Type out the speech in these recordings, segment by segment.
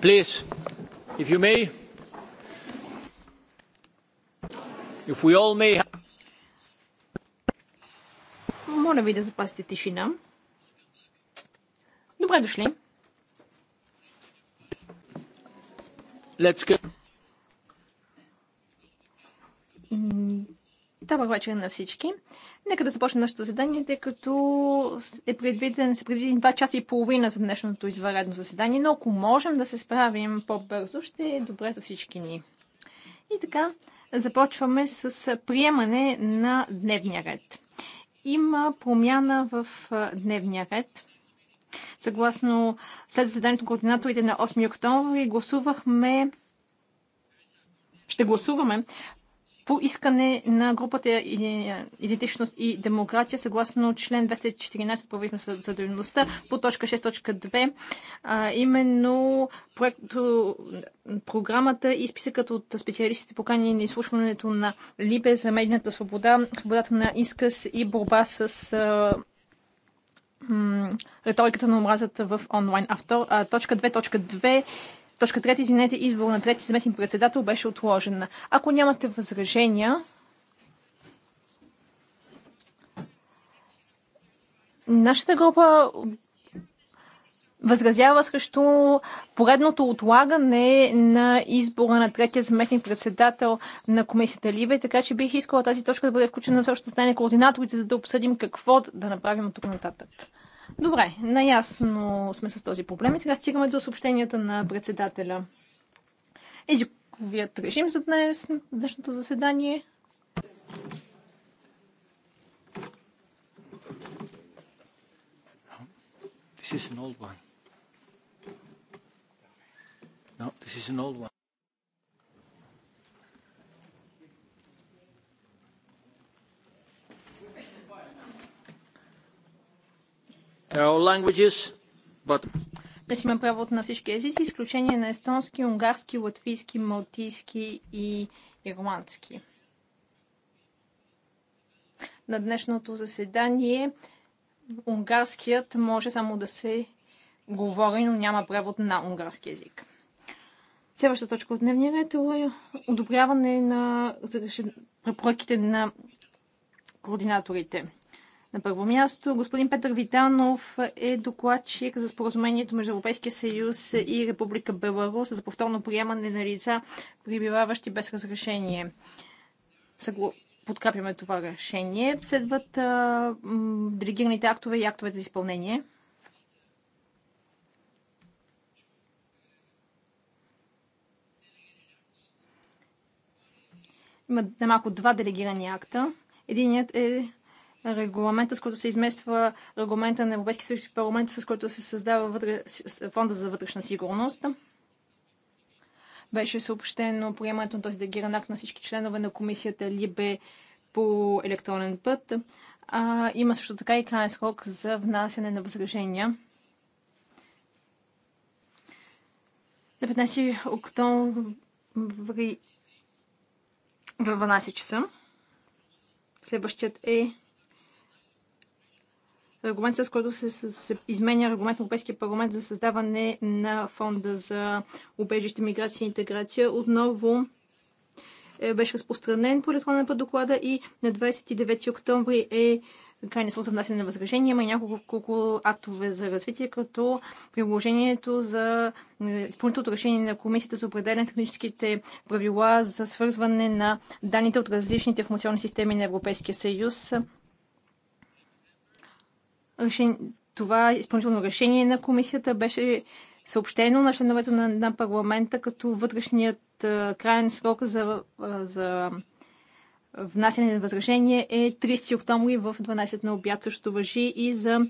Please, if you may, if we all may... Моля ви да запасите тишина. Добре дошли. Let's go. Добър вечер на всички. Нека да започнем нашето заседание, тъй като е предвиден, са предвидени 2 часа и половина за днешното извънредно заседание, но ако можем да се справим по-бързо, ще е добре за всички ни. И така, започваме с приемане на дневния ред. Има промяна в дневния ред – Съгласно след заседанието на координаторите на 8 октомври гласувахме ще гласуваме по искане на групата Идентичност и демократия, съгласно член 214 от правителството за дейността по точка 6.2, именно проекто, програмата и списъкът от специалистите поканени на изслушването на Либе за медийната свобода, свободата на изказ и борба с а, риториката на омразата в онлайн. А, а точка 2.2 Точка 3, извинете, избор на трети заместник председател беше отложена. Ако нямате възражения, нашата група възразява срещу поредното отлагане на избора на третия заместник председател на комисията Либе, така че бих искала тази точка да бъде включена в общото стане координаторите, за да обсъдим какво да направим от тук нататък. Добре, наясно сме с този проблем и сега стигаме до съобщенията на председателя. Езиковият режим за днес, днешното заседание. This is an old one. No, this is an old one. Днес but... има на всички езици, изключение на естонски, унгарски, латвийски, малтийски и ирландски. На днешното заседание унгарският може само да се говори, но няма превод на унгарски язик. Следващата точка от дневния ред е одобряване на препоръките на координаторите. На първо място, господин Петър Витанов е докладчик за споразумението между Европейския съюз и Република Беларус за повторно приемане на лица, прибиваващи без разрешение. Съгло... Подкрепяме това решение. Следват а, м, делегираните актове и актовете за изпълнение. Има малко два делегирани акта. Единият е регламента, с който се измества регламента на Европейския съюз и парламента, с който се създава вътре... фонда за вътрешна сигурност. Беше съобщено приемането на този дегиран акт на всички членове на комисията Либе по електронен път. А, има също така и крайен срок за внасяне на възражения. На 15 октомври в 12 часа. Следващият е регламент, с който се, се, се изменя регламент на Европейския парламент за създаване на фонда за убежище, миграция и интеграция. Отново е, беше разпространен по електронен път доклада и на 29 октомври е крайния срок за внасяне на възражения. Има няколко актове за развитие, като приложението за е, изпълнителното решение на комисията за определен техническите правила за свързване на данните от различните информационни системи на Европейския съюз това изпълнително решение на комисията беше съобщено на членовете на, на парламента, като вътрешният а, крайен срок за, а, за внасяне на възражение е 30 октомври в 12 на обяд. Също въжи и за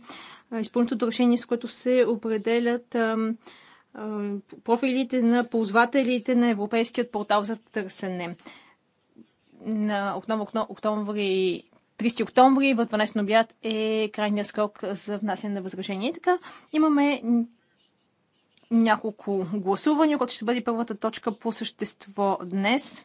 изпълнителното решение, с което се определят а, а, профилите на ползвателите на Европейският портал за търсене. На октомври 30 октомври в 12 на обяд е крайния срок за внасяне на възражение. И така, имаме няколко гласувания, което ще бъде първата точка по същество днес.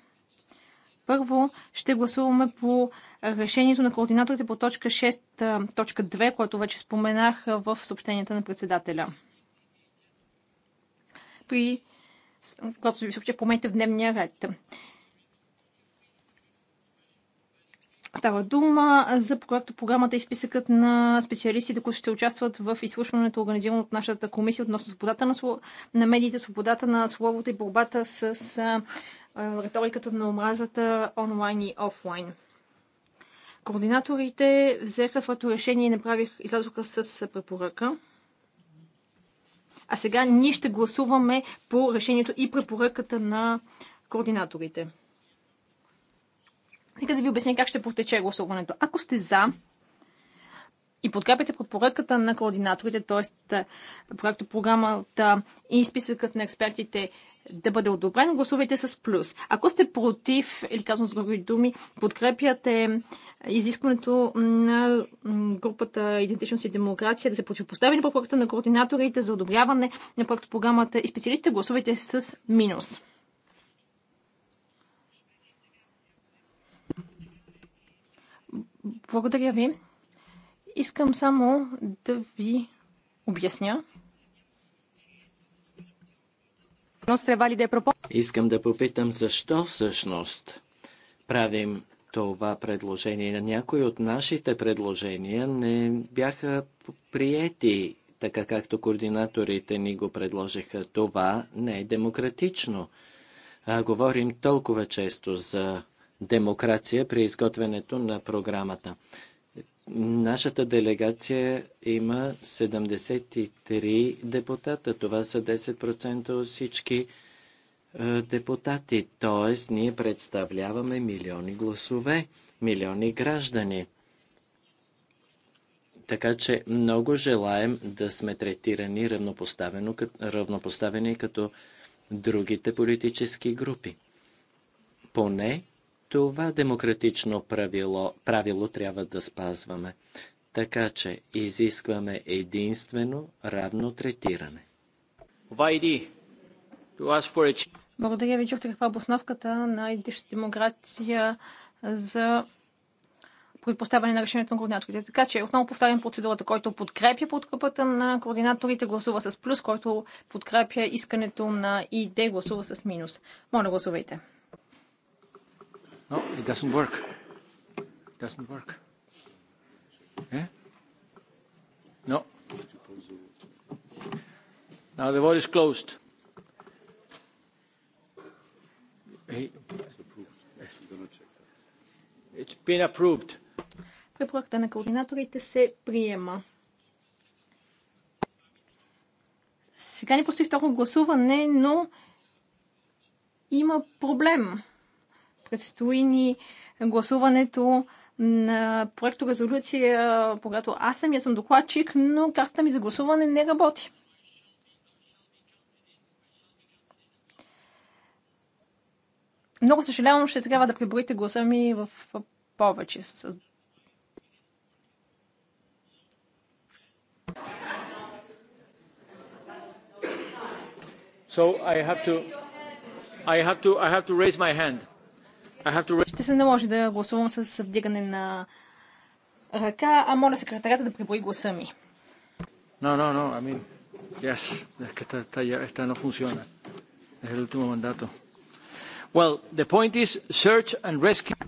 Първо ще гласуваме по решението на координаторите по точка 6, точка 2, което вече споменах в съобщенията на председателя. При когато ви съобщя, промените в дневния ред. Става дума за проекта, програмата и списъкът на специалистите, които ще участват в изслушването, организирано от нашата комисия относно свободата на, сло... на медиите, свободата на словото и борбата с а, риториката на омразата онлайн и офлайн. Координаторите взеха своето решение и направих, излязоха с препоръка. А сега ние ще гласуваме по решението и препоръката на координаторите. Нека да ви обясня как ще протече гласуването. Ако сте за и подкрепяте подпоръката на координаторите, т.е. проекто програмата и списъкът на експертите да бъде одобрен, гласувайте с плюс. Ако сте против, или казвам с други думи, подкрепяте изискването на групата Идентичност и демокрация да се противопостави на препоръката на координаторите за одобряване на проекто програмата и специалистите, гласувайте с минус. Благодаря ви. Искам само да ви обясня. Искам да попитам защо всъщност правим това предложение. Някои от нашите предложения не бяха приети така както координаторите ни го предложиха. Това не е демократично. А, говорим толкова често за демокрация при изготвянето на програмата. Нашата делегация има 73 депутата. Това са 10% от всички е, депутати. Тоест, ние представляваме милиони гласове, милиони граждани. Така че много желаем да сме третирани равнопоставено, равнопоставени като другите политически групи. Поне това демократично правило, правило трябва да спазваме. Така че изискваме единствено равно третиране. Вайди, Благодаря ви. Чухте каква е обосновката на идващата демокрация за предпоставяне на решението на координаторите. Така че отново повтарям процедурата, който подкрепя подкрепата на координаторите, гласува с плюс, който подкрепя искането на ИД, гласува с минус. Моля, гласувайте. No, it doesn't work. It doesn't work. Eh? No. Now the vote is closed. It's been approved. Препоръката на координаторите се приема. Сега ни постои второ гласуване, но има проблем предстои ни гласуването на проекто резолюция, когато аз самия съм докладчик, но картата ми за гласуване не работи. Много съжалявам, ще трябва да приборите гласа ми в повече. So I have to, I have to, I have to raise my hand. Ще се наложи да гласувам с вдигане на ръка, а моля секретарята да прибори гласа ми. No, no, no, I mean, yes, es que esta, esta, esta no funciona. Es el último mandato. Well, the point is search and rescue.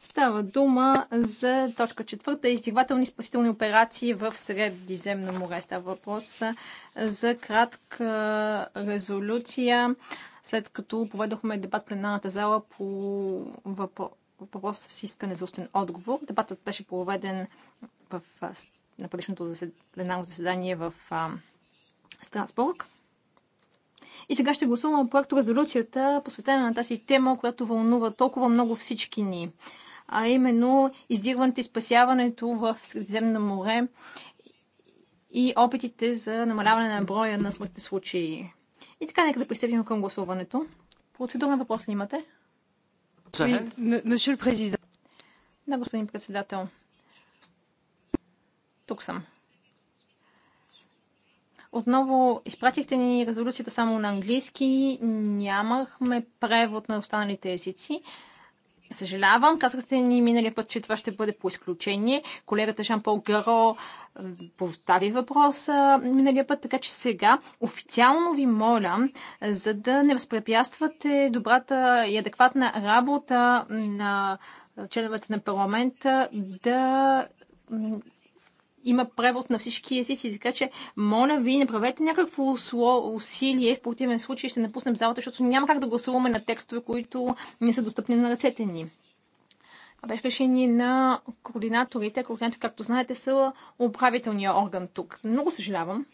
Става дума за точка четвърта издигвателни спасителни операции в Средиземно море. Става въпрос за кратка резолюция след като поведохме дебат в пленарната зала по въпрос с искане за устен отговор. Дебатът беше проведен в, на предишното пленарно заседание в а, Страсбург. И сега ще гласуваме проект резолюцията, посветена на тази тема, която вълнува толкова много всички ни. А именно издирването и спасяването в Средиземно море и опитите за намаляване на броя на смъртни случаи. И така, нека да пристъпим към гласуването. Процедурна въпрос ли имате? президент. Да, господин председател. Тук съм. Отново изпратихте ни резолюцията само на английски. Нямахме превод на останалите езици. Съжалявам, казахте ни миналия път, че това ще бъде по изключение. Колегата Жан-Пол Гаро постави въпроса миналия път, така че сега официално ви моля, за да не възпрепятствате добрата и адекватна работа на членовете на парламента, да има превод на всички езици, така че моля ви, направете някакво усилие, в противен случай ще напуснем залата, защото няма как да гласуваме на текстове, които не са достъпни на ръцете ни. беше решение на координаторите. Координаторите, както знаете, са управителния орган тук. Много съжалявам.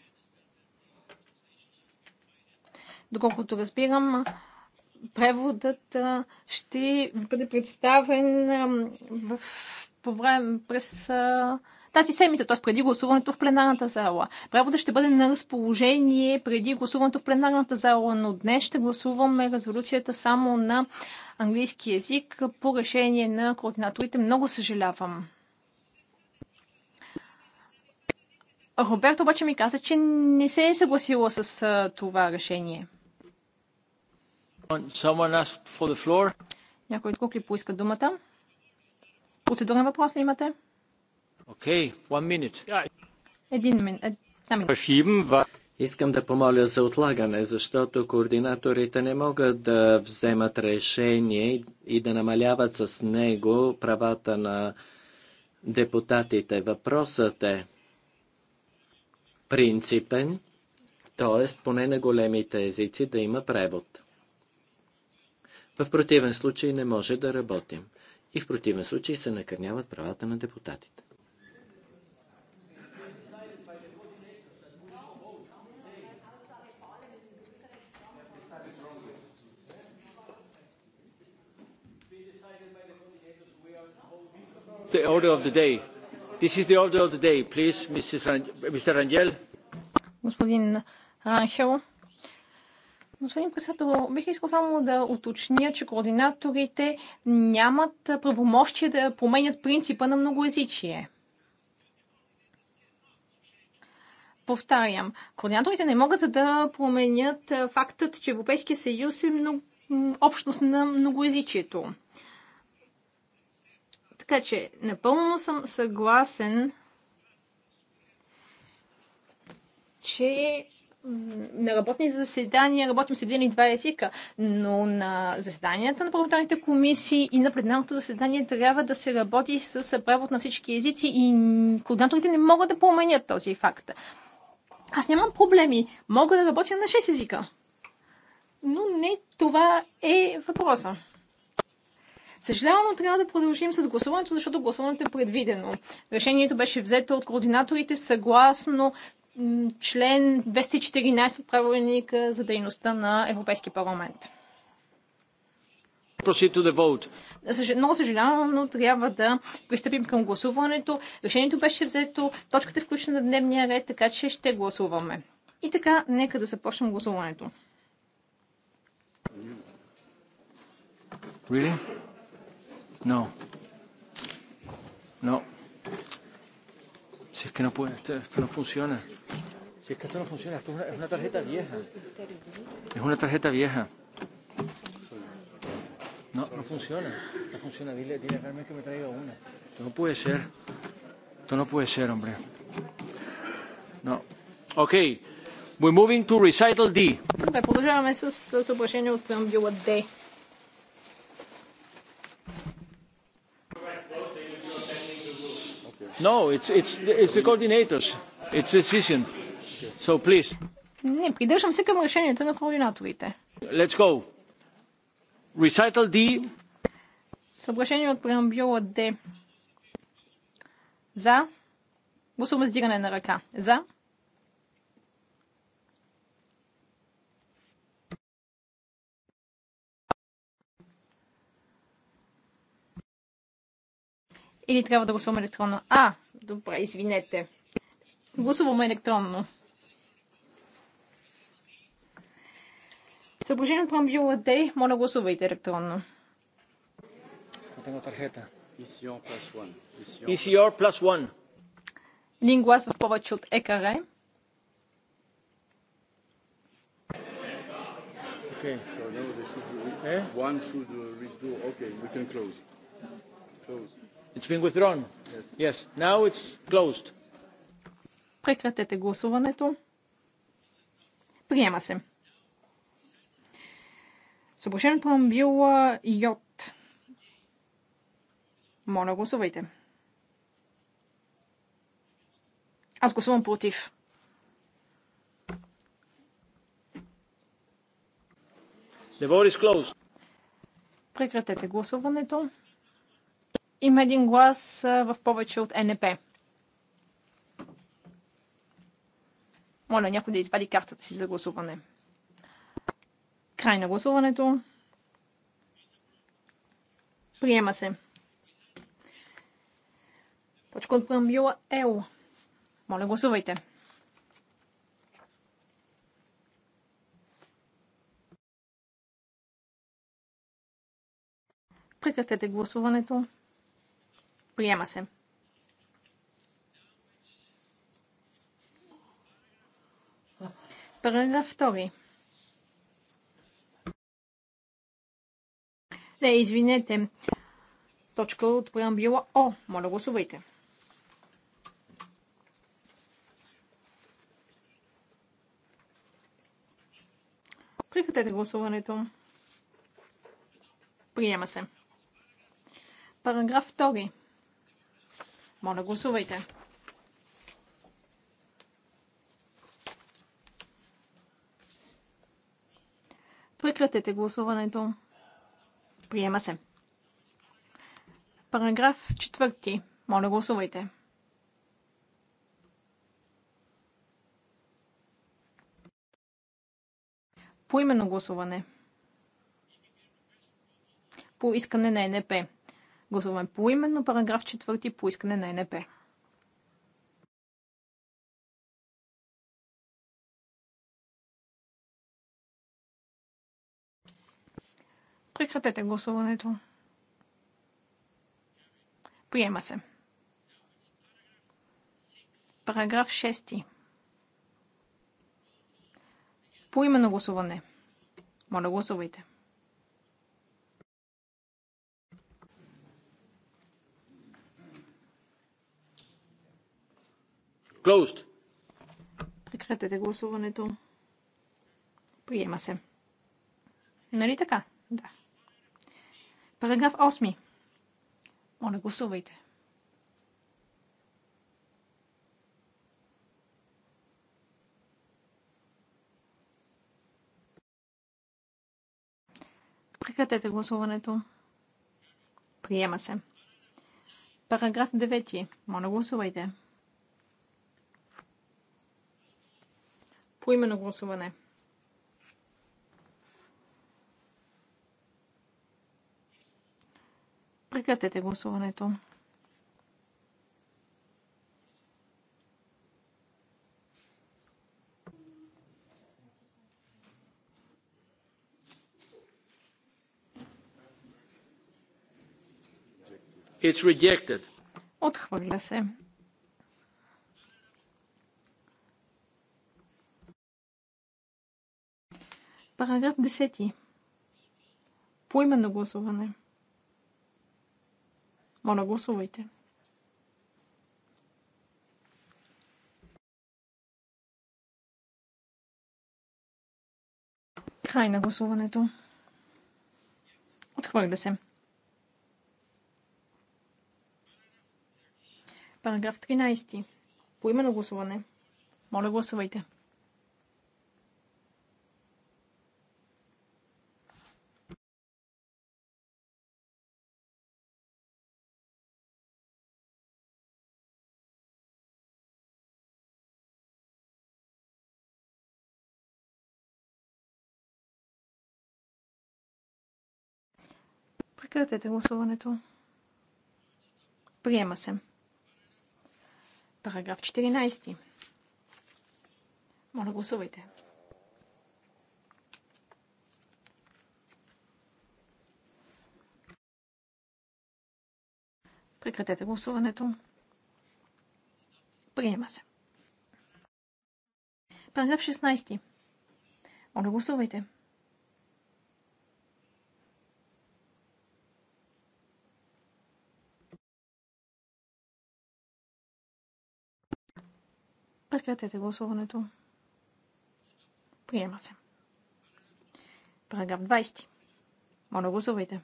Доколкото разбирам, преводът ще бъде представен в, по време, през тази седмица, т.е. преди гласуването в пленарната зала. Правото ще бъде на разположение преди гласуването в пленарната зала, но днес ще гласуваме резолюцията само на английски язик по решение на координаторите. Много съжалявам. Роберт обаче ми каза, че не се е съгласила с това решение. Някой друг ли поиска думата? Процедурен въпрос ли имате? Е, Искам да помоля за отлагане, защото координаторите не могат да вземат решение и да намаляват с него правата на депутатите. Въпросът е принципен, т.е. поне на големите езици да има превод. В противен случай не може да работим. И в противен случай се накърняват правата на депутатите. the order of the day. This is the order of the day, please, Mr. Rangel. Господин Ранхел. Господин председател, бих искал само да уточня, че координаторите нямат правомощие да променят принципа на многоязичие. Повтарям, координаторите не могат да променят фактът, че Европейския съюз е много, общност на многоязичието. Така че напълно съм съгласен, че на работни заседания работим с един и два езика, но на заседанията на парламентарните комисии и на пленарното заседание трябва да се работи с превод на всички езици и координаторите не могат да променят този факт. Аз нямам проблеми. Мога да работя на 6 езика. Но не това е въпроса. Съжалявам, но трябва да продължим с гласуването, защото гласуването е предвидено. Решението беше взето от координаторите съгласно член 214 от правилника за дейността на Европейски парламент. Много съжалявам, но трябва да пристъпим към гласуването. Решението беше взето, точката е включена на дневния ред, така че ще гласуваме. И така, нека да започнем гласуването. Really? No. No. Si es que no puede, esto, esto no funciona. Si es que esto no funciona, esto es una, es una tarjeta vieja. Es una tarjeta vieja. No, no funciona. No funciona. Dile, dile a Carmen que me traiga una. Esto no puede ser. Esto no puede ser, hombre. No. Okay. We're moving to recital D. Добре, с от D. No, it's, it's, it's the coordinators. It's a decision. So please. Не, придържам се към решението на координаторите. Let's go. Recital D. Съображение от преамбюла D. За. Гласуваме с на ръка. За. Или трябва да гласувам електронно? А, добре, извинете. Гласувам електронно. Съображение от Памбюла Дей, моля гласувайте електронно. Tengo tarjeta. ECR plus one. ECR plus one. Един глас в повече от ЕКР. Okay. So now they should, do it. eh? One should uh, redo. Okay, we can close. Close. It's been withdrawn. Yes. yes. Now it's closed. Прекратете гласуването. Приема се. Съобщен промбил Йот. Моля, гласувайте. Аз гласувам против. The vote is closed. Прекратете гласуването има един глас в повече от НП. Моля някой да извади картата си за гласуване. Край на гласуването. Приема се. Точка от преамбюла ЕО. Моля, гласувайте. Прекратете гласуването. Приема се. Параграф втори. Не, извинете. Точка от преамбила О. Моля, гласувайте. Прекратете гласуването. Приема се. Параграф втори. Моля, гласувайте. Прекратете гласуването. Приема се. Параграф 4. Моля, гласувайте. именно гласуване. По искане на НП. Гласуваме поименно параграф 4 по искане на НП. Прекратете гласуването. Приема се. Параграф 6. Поименно гласуване. Моля, гласувайте. Closed. Прекратете гласуването. Приема се. Нали така? Да. Параграф 8. Моля, гласувайте. Прекратете гласуването. Приема се. Параграф 9. Моля, гласувайте. по именно гласуване. Прекратете гласуването. It's rejected. Отхвърля се. Параграф 10. Поименно гласуване. Моля, гласувайте. Край на гласуването. Отхвърля се. Параграф 13. Поименно гласуване. Моля, гласувайте. Прекратете гласуването. Приема се. Параграф 14. Моля, гласувайте. Прекратете гласуването. Приема се. Параграф 16. Моля, гласувайте. Прекратете гласуването. Приема се. Параграф 20. Моля, гласувайте.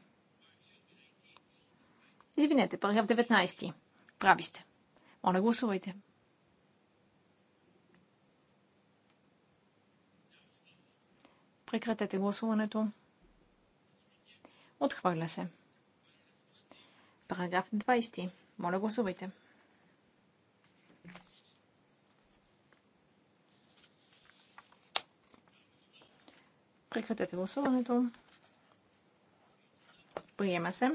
Извинете, параграф 19. Прави сте. Моля, гласувайте. Прекратете гласуването. Отхвърля се. Параграф 20. Моля, гласувайте. Прекратете гласуването. Приема се.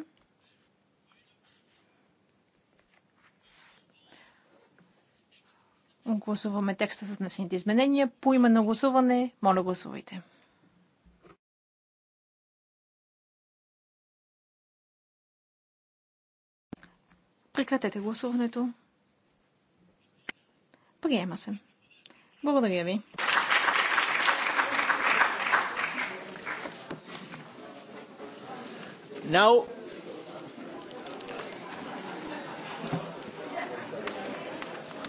Гласуваме текста с внесените изменения. По име на гласуване, моля гласувайте. Прекратете гласуването. Приема се. Благодаря ви. Now,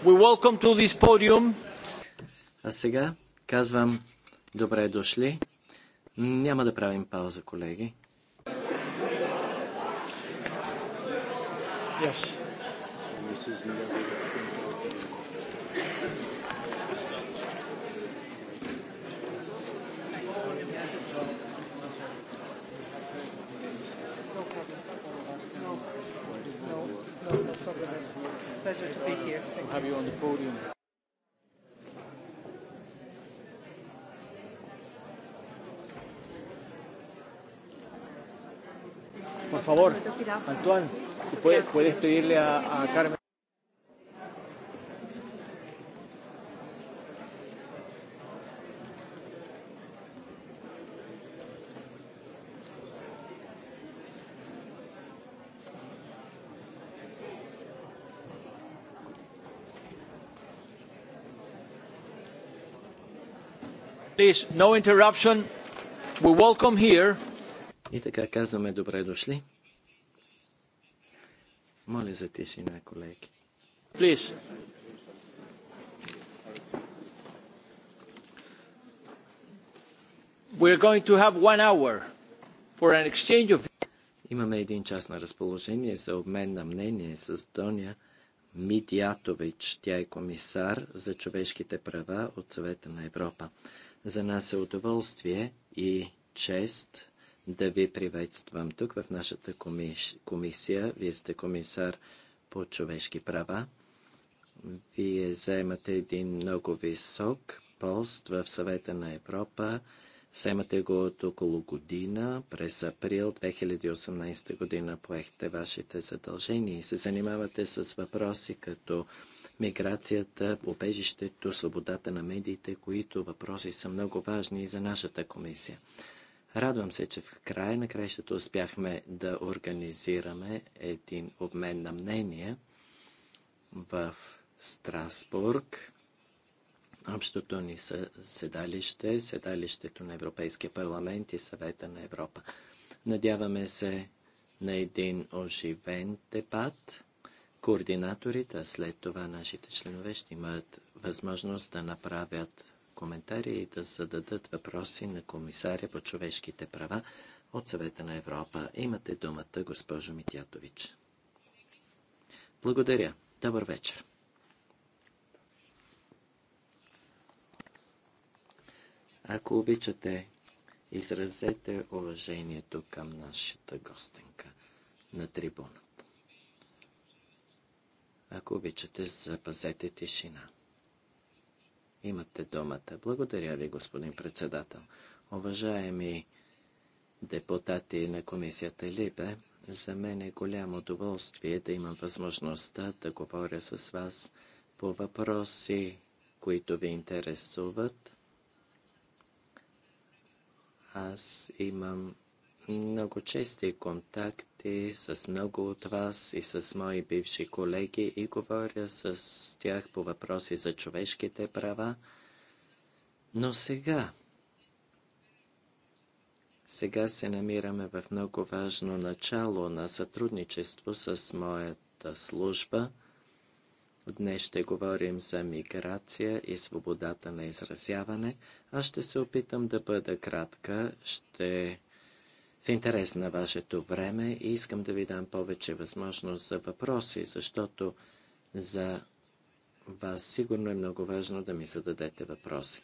we welcome to this podium. А сега казвам добре дошли. Няма да правим пауза, колеги. Yes. Antoine, ¿puedes, puedes pedirle a, a Carmen? Please, no interruption. We welcome here. И така казваме добре дошли. Моля за тишина, колеги. Плиш. We're going to have one hour for an exchange of... Имаме един час на разположение за обмен на мнение с Доня Мидятович. Тя е комисар за човешките права от Съвета на Европа. За нас е удоволствие и чест да ви приветствам тук в нашата комисия. Вие сте комисар по човешки права. Вие заемате един много висок пост в съвета на Европа. Вземате го от около година. През април 2018 година поехте вашите задължения и се занимавате с въпроси като миграцията, убежището, свободата на медиите, които въпроси са много важни и за нашата комисия. Радвам се, че в края на краищата успяхме да организираме един обмен на мнения в Страсбург. Общото ни седалище, седалището на Европейския парламент и съвета на Европа. Надяваме се на един оживен дебат. Координаторите, а след това нашите членове ще имат възможност да направят коментари и да зададат въпроси на комисаря по човешките права от Съвета на Европа. Имате думата, госпожо Митятович. Благодаря. Добър вечер. Ако обичате, изразете уважението към нашата гостенка на трибуната. Ако обичате, запазете тишина. Имате думата. Благодаря ви, господин председател. Уважаеми депутати на комисията Либе, за мен е голямо удоволствие да имам възможността да говоря с вас по въпроси, които ви интересуват. Аз имам много чести контакт дебати с много от вас и с мои бивши колеги и говоря с тях по въпроси за човешките права. Но сега, сега се намираме в много важно начало на сътрудничество с моята служба. Днес ще говорим за миграция и свободата на изразяване. Аз ще се опитам да бъда кратка. Ще в интерес на вашето време и искам да ви дам повече възможност за въпроси, защото за вас сигурно е много важно да ми зададете въпроси.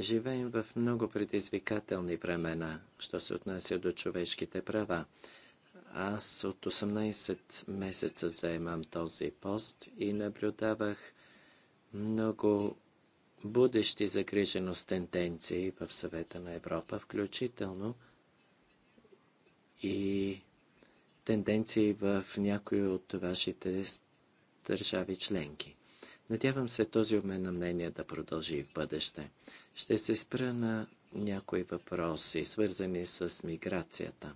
Живеем в много предизвикателни времена, що се отнася до човешките права. Аз от 18 месеца заемам този пост и наблюдавах много будещи загриженост тенденции в съвета на Европа, включително и тенденции в някои от вашите държави членки. Надявам се този обмен на мнение да продължи и в бъдеще. Ще се спра на някои въпроси, свързани с миграцията.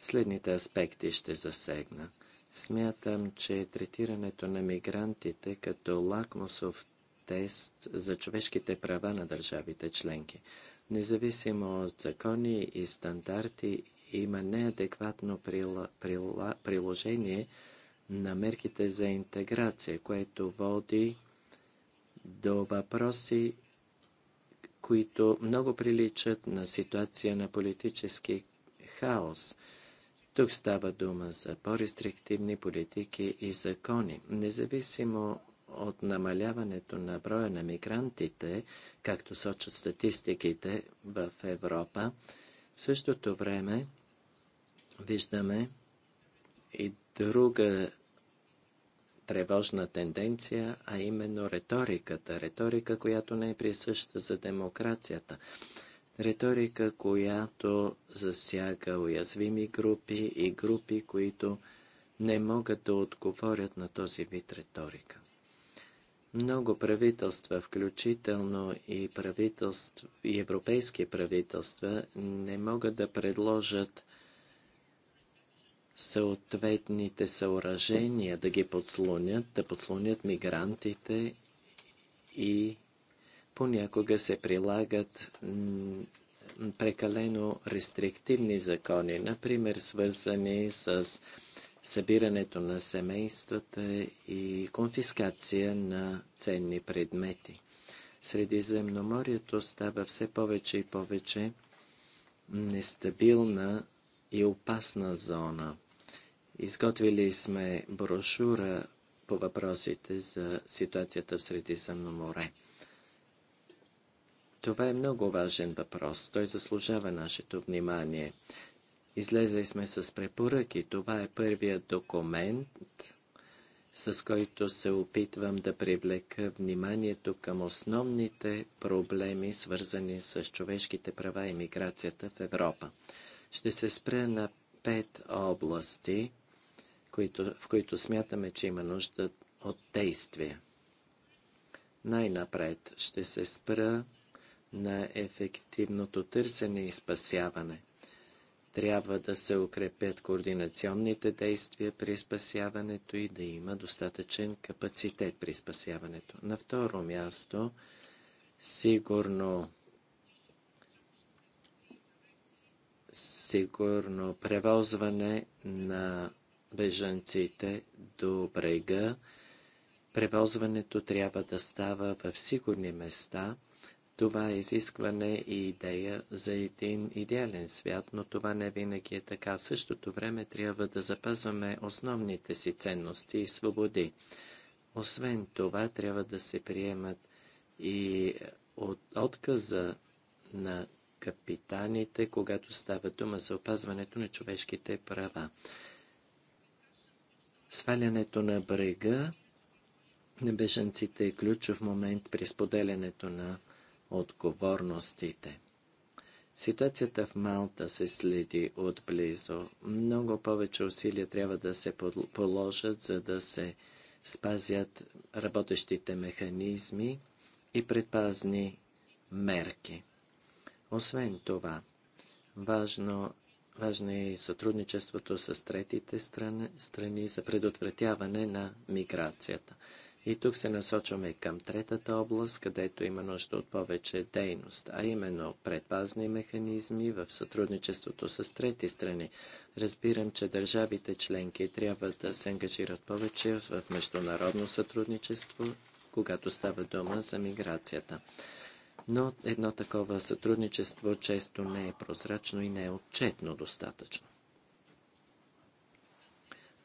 Следните аспекти ще засегна. Смятам, че третирането на мигрантите като лакмусов тест за човешките права на държавите членки. Независимо от закони и стандарти, има неадекватно приложение на мерките за интеграция, което води до въпроси, които много приличат на ситуация на политически хаос. Тук става дума за по-рестриктивни политики и закони. Независимо от намаляването на броя на мигрантите, както сочат статистиките в Европа, в същото време виждаме и друга тревожна тенденция, а именно риториката. Риторика, която не е присъща за демокрацията. Риторика, която засяга уязвими групи и групи, които не могат да отговорят на този вид риторика. Много правителства, включително и, правителств, и европейски правителства, не могат да предложат съответните съоръжения да ги подслонят, да подслонят мигрантите и понякога се прилагат прекалено рестриктивни закони, например свързани с събирането на семействата и конфискация на ценни предмети. Средиземноморието става все повече и повече нестабилна и опасна зона. Изготвили сме брошура по въпросите за ситуацията в Средиземно море. Това е много важен въпрос. Той заслужава нашето внимание. Излезли сме с препоръки. Това е първият документ, с който се опитвам да привлека вниманието към основните проблеми, свързани с човешките права и миграцията в Европа. Ще се спре на пет области, които, в които смятаме, че има нужда от действие. Най-напред ще се спра на ефективното търсене и спасяване. Трябва да се укрепят координационните действия при спасяването и да има достатъчен капацитет при спасяването. На второ място, сигурно сигурно превозване на бежанците до брега. Превозването трябва да става в сигурни места – това е изискване и идея за един идеален свят, но това не винаги е така. В същото време трябва да запазваме основните си ценности и свободи. Освен това, трябва да се приемат и от отказа на капитаните, когато става дума за опазването на човешките права. Свалянето на брега на бежанците е ключов момент при споделянето на отговорностите. Ситуацията в Малта се следи отблизо. Много повече усилия трябва да се положат, за да се спазят работещите механизми и предпазни мерки. Освен това, важно, важно е и сътрудничеството с третите страни, страни за предотвратяване на миграцията. И тук се насочваме към третата област, където има нужда от повече дейност, а именно предпазни механизми в сътрудничеството с трети страни. Разбирам, че държавите членки трябва да се ангажират повече в международно сътрудничество, когато става дума за миграцията. Но едно такова сътрудничество често не е прозрачно и не е отчетно достатъчно.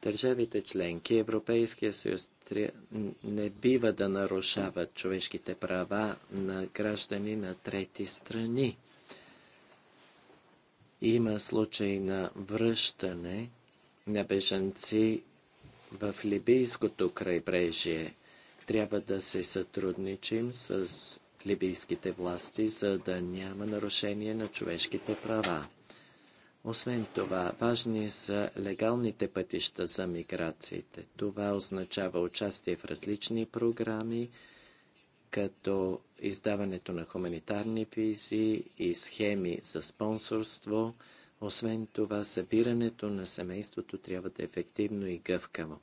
Държавите членки, Европейския съюз не бива да нарушават човешките права на граждани на трети страни. Има случай на връщане на бежанци в либийското крайбрежие. Трябва да се сътрудничим с либийските власти, за да няма нарушение на човешките права. Освен това, важни са легалните пътища за миграциите. Това означава участие в различни програми, като издаването на хуманитарни визи и схеми за спонсорство. Освен това, събирането на семейството трябва да е ефективно и гъвкаво.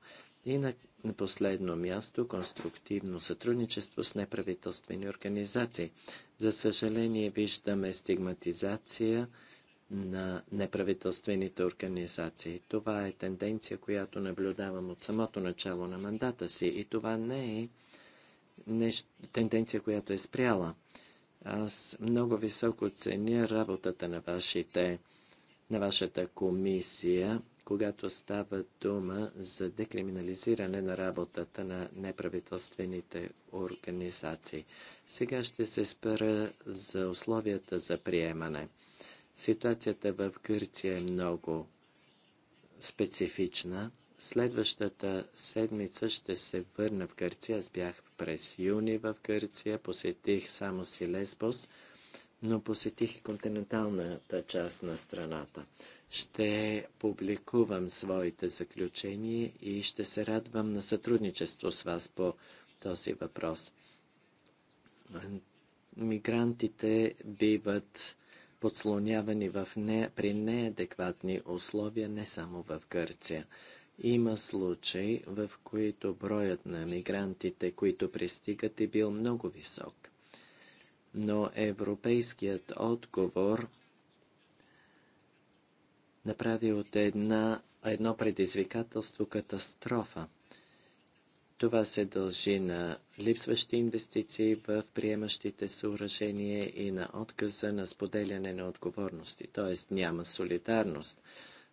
И на, на последно място, конструктивно сътрудничество с неправителствени организации. За съжаление, виждаме стигматизация – на неправителствените организации. Това е тенденция, която наблюдавам от самото начало на мандата си и това не е нещ... тенденция, която е спряла. Аз много високо ценя работата на, вашите, на вашата комисия, когато става дума за декриминализиране на работата на неправителствените организации. Сега ще се спра за условията за приемане. Ситуацията в Гърция е много специфична. Следващата седмица ще се върна в Гърция. Аз бях през юни в Гърция, посетих само си Лесбос, но посетих и континенталната част на страната. Ще публикувам своите заключения и ще се радвам на сътрудничество с вас по този въпрос. Мигрантите биват подслонявани в не, при неадекватни условия не само в Гърция. Има случаи, в които броят на мигрантите, които пристигат, е бил много висок. Но европейският отговор направи от една, едно предизвикателство катастрофа – това се дължи на липсващи инвестиции в приемащите съоръжения и на отказа на споделяне на отговорности, т.е. няма солидарност.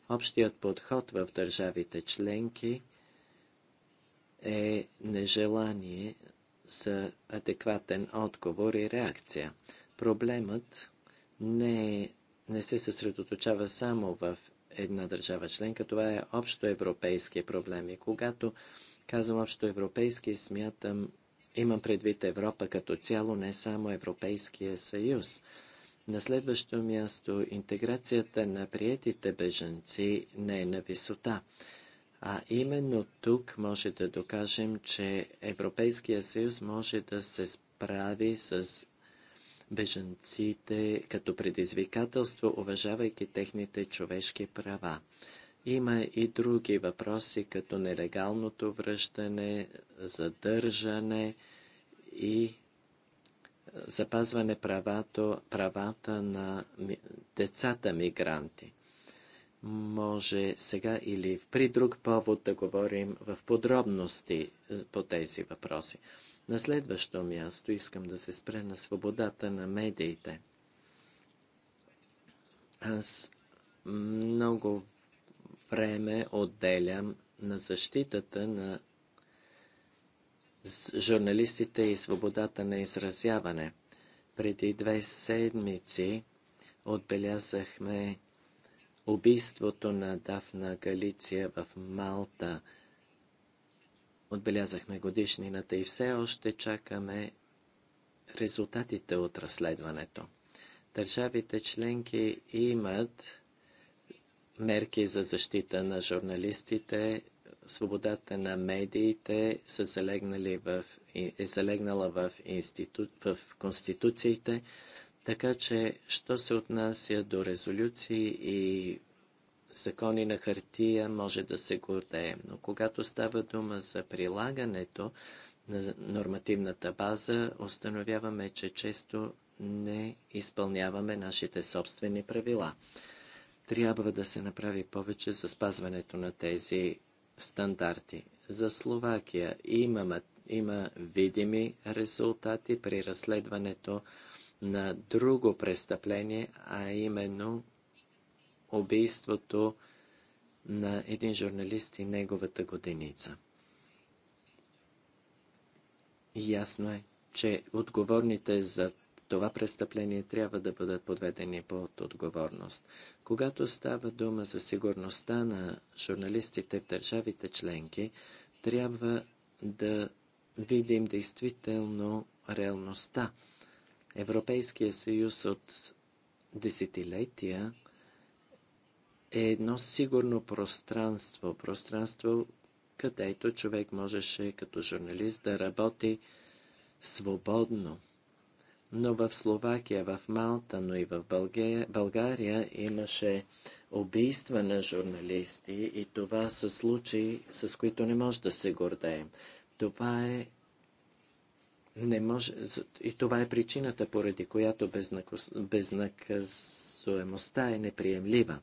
Общият подход в държавите членки е нежелание за адекватен отговор и реакция. Проблемът не, е, не се съсредоточава само в една държава членка, това е общо европейски проблем. И когато Казвам общо европейски, смятам, имам предвид Европа като цяло, не само Европейския съюз. На следващо място, интеграцията на приетите бежанци не е на висота. А именно тук може да докажем, че Европейския съюз може да се справи с бежанците като предизвикателство, уважавайки техните човешки права. Има и други въпроси, като нелегалното връщане, задържане и е, запазване правато, правата на децата мигранти. Може сега или при друг повод да говорим в подробности е, по тези въпроси. На следващо място искам да се спре на свободата на медиите. Аз много време отделям на защитата на журналистите и свободата на изразяване. Преди две седмици отбелязахме убийството на Дафна Галиция в Малта. Отбелязахме годишнината и все още чакаме резултатите от разследването. Държавите членки имат мерки за защита на журналистите, свободата на медиите са залегнали в, е залегнала в, институт, в конституциите, така че, що се отнася до резолюции и закони на хартия, може да се гордеем. Но когато става дума за прилагането на нормативната база, установяваме, че често не изпълняваме нашите собствени правила. Трябва да се направи повече за спазването на тези стандарти. За Словакия има, има видими резултати при разследването на друго престъпление, а именно убийството на един журналист и неговата годиница. Ясно е, че отговорните за това престъпление трябва да бъдат подведени под отговорност. Когато става дума за сигурността на журналистите в държавите членки, трябва да видим действително реалността. Европейския съюз от десетилетия е едно сигурно пространство, пространство, където човек можеше като журналист да работи свободно но в Словакия, в Малта, но и в България, България имаше убийства на журналисти и това са случаи, с които не може да се гордеем. Това е не може, и това е причината, поради която безнаказуемостта е неприемлива.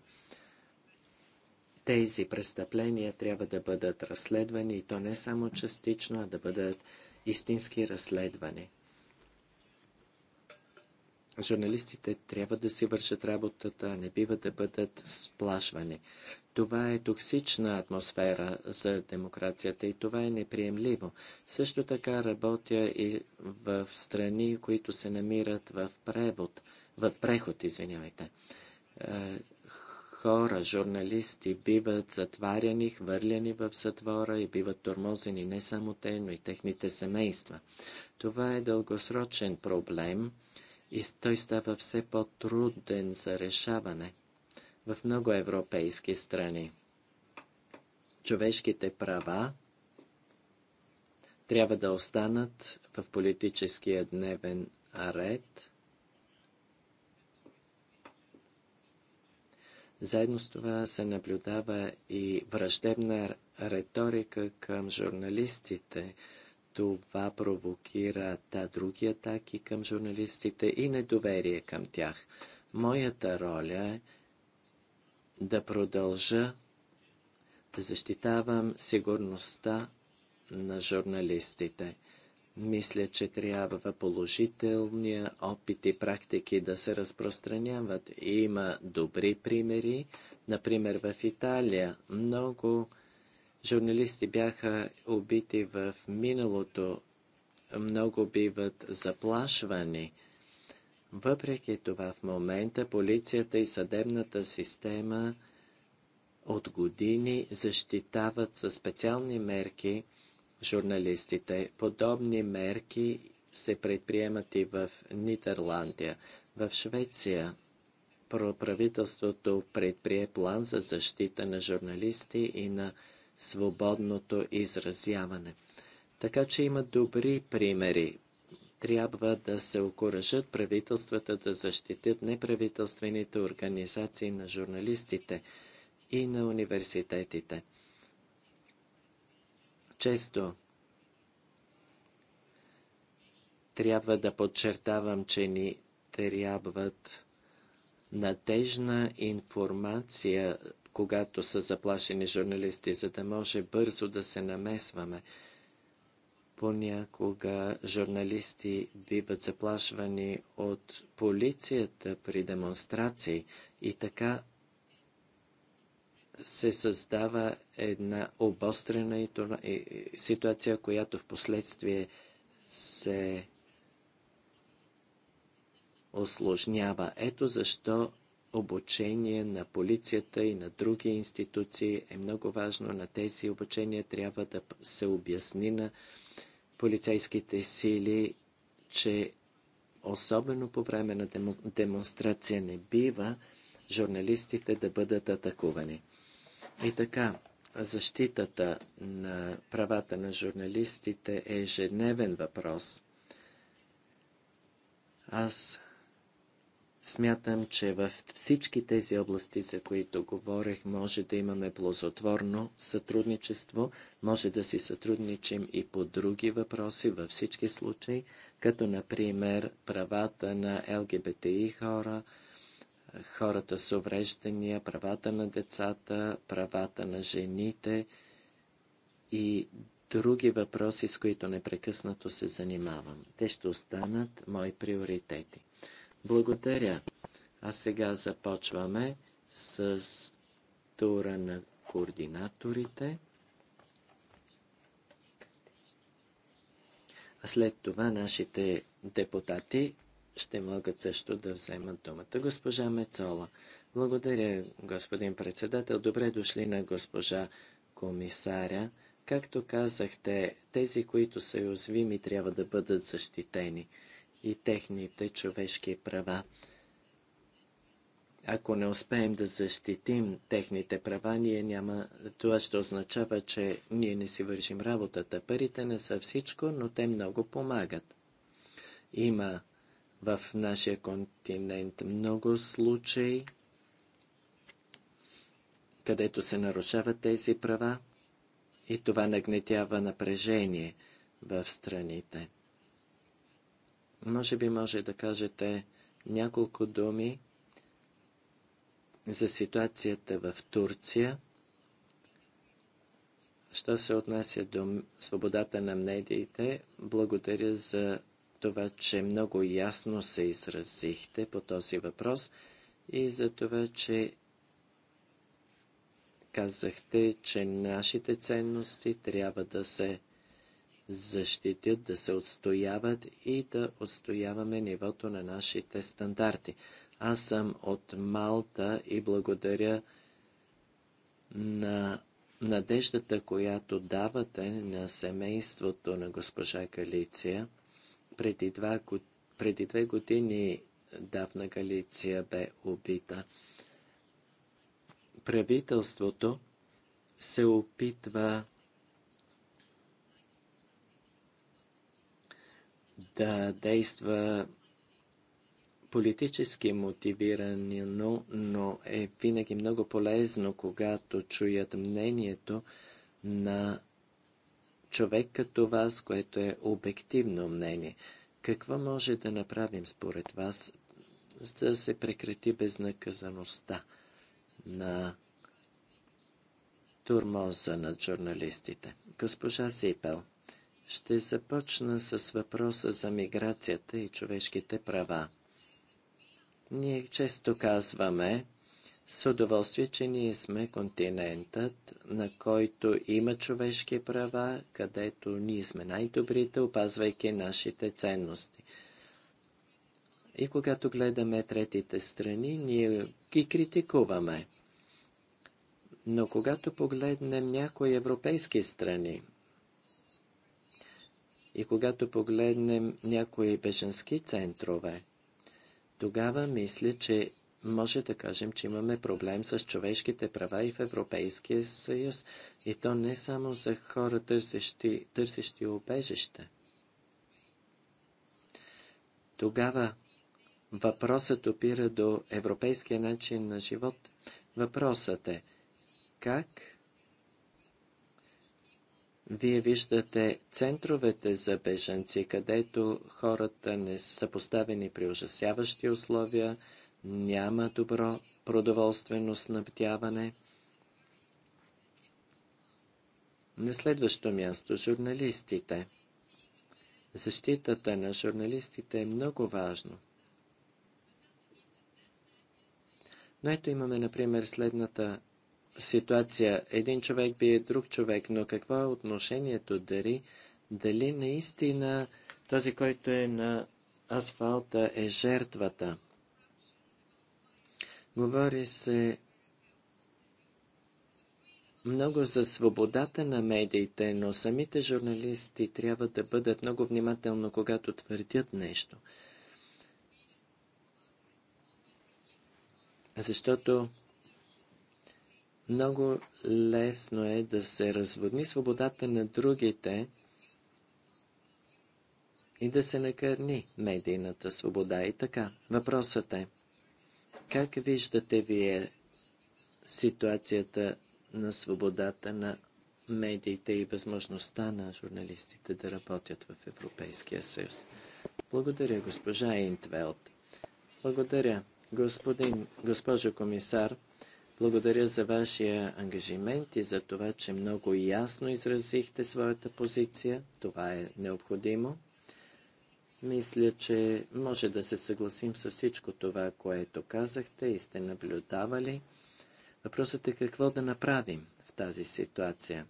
Тези престъпления трябва да бъдат разследвани и то не само частично, а да бъдат истински разследвани. Журналистите трябва да си вършат работата, не бива да бъдат сплашвани. Това е токсична атмосфера за демокрацията и това е неприемливо. Също така работя и в страни, които се намират в превод, в преход, извинявайте. Е, хора, журналисти биват затваряни, хвърляни в затвора и биват тормозени не само те, но и техните семейства. Това е дългосрочен проблем – и той става все по-труден за решаване в много европейски страни. Човешките права трябва да останат в политическия дневен ред. Заедно с това се наблюдава и враждебна риторика към журналистите, това провокира та други атаки към журналистите и недоверие към тях. Моята роля е да продължа да защитавам сигурността на журналистите. Мисля, че трябва положителния опит и практики да се разпространяват. Има добри примери. Например, в Италия много Журналисти бяха убити в миналото, много биват заплашвани. Въпреки това в момента полицията и съдебната система от години защитават със специални мерки журналистите. Подобни мерки се предприемат и в Нидерландия. В Швеция правителството предприе план за защита на журналисти и на свободното изразяване. Така че има добри примери. Трябва да се окоръжат правителствата да защитят неправителствените организации на журналистите и на университетите. Често трябва да подчертавам, че ни трябват надежна информация когато са заплашени журналисти, за да може бързо да се намесваме. Понякога журналисти биват заплашвани от полицията при демонстрации и така се създава една обострена ситуация, която в последствие се осложнява. Ето защо обучение на полицията и на други институции е много важно. На тези обучения трябва да се обясни на полицейските сили, че особено по време на демонстрация не бива журналистите да бъдат атакувани. И така, защитата на правата на журналистите е ежедневен въпрос. Аз Смятам, че в всички тези области, за които говорех, може да имаме плозотворно сътрудничество, може да си сътрудничим и по други въпроси във всички случаи, като например правата на ЛГБТИ хора, хората с увреждания, правата на децата, правата на жените и други въпроси, с които непрекъснато се занимавам. Те ще останат мои приоритети. Благодаря. А сега започваме с тура на координаторите. А след това нашите депутати ще могат също да вземат думата. Госпожа Мецола. Благодаря, господин председател. Добре дошли на госпожа комисаря. Както казахте, тези, които са уязвими, трябва да бъдат защитени и техните човешки права. Ако не успеем да защитим техните права, ние няма... това ще означава, че ние не си вършим работата. Парите не са всичко, но те много помагат. Има в нашия континент много случаи, където се нарушават тези права и това нагнетява напрежение в страните. Може би може да кажете няколко думи за ситуацията в Турция, що се отнася до свободата на медиите. Благодаря за това, че много ясно се изразихте по този въпрос и за това, че казахте, че нашите ценности трябва да се защитят, да се отстояват и да отстояваме нивото на нашите стандарти. Аз съм от Малта и благодаря на надеждата, която давате на семейството на госпожа Галиция. Преди, два, преди две години давна Галиция бе убита. Правителството се опитва да действа политически мотивирано, но е винаги много полезно, когато чуят мнението на човек като вас, което е обективно мнение. Какво може да направим според вас, за да се прекрати безнаказаността на турмоза на журналистите? Госпожа Сипел – ще започна с въпроса за миграцията и човешките права. Ние често казваме с удоволствие, че ние сме континентът, на който има човешки права, където ние сме най-добрите, опазвайки нашите ценности. И когато гледаме третите страни, ние ги критикуваме. Но когато погледнем някои европейски страни, и когато погледнем някои беженски центрове, тогава мисля, че може да кажем, че имаме проблем с човешките права и в Европейския съюз, и то не само за хора, търсещи, търсещи убежище. Тогава въпросът опира до европейския начин на живот. Въпросът е как вие виждате центровете за бежанци, където хората не са поставени при ужасяващи условия, няма добро продоволствено снабдяване. На следващо място журналистите. Защитата на журналистите е много важно. Но ето имаме, например, следната ситуация. Един човек бие друг човек, но какво е отношението? Дали, дали наистина този, който е на асфалта, е жертвата? Говори се много за свободата на медиите, но самите журналисти трябва да бъдат много внимателно, когато твърдят нещо. Защото много лесно е да се разводни свободата на другите и да се накърни медийната свобода. И така, въпросът е, как виждате вие ситуацията на свободата на медиите и възможността на журналистите да работят в Европейския съюз? Благодаря, госпожа Интвелт. Благодаря, господин, госпожо комисар. Благодаря за вашия ангажимент и за това, че много ясно изразихте своята позиция. Това е необходимо. Мисля, че може да се съгласим с всичко това, което казахте и сте наблюдавали. Въпросът е какво да направим в тази ситуация.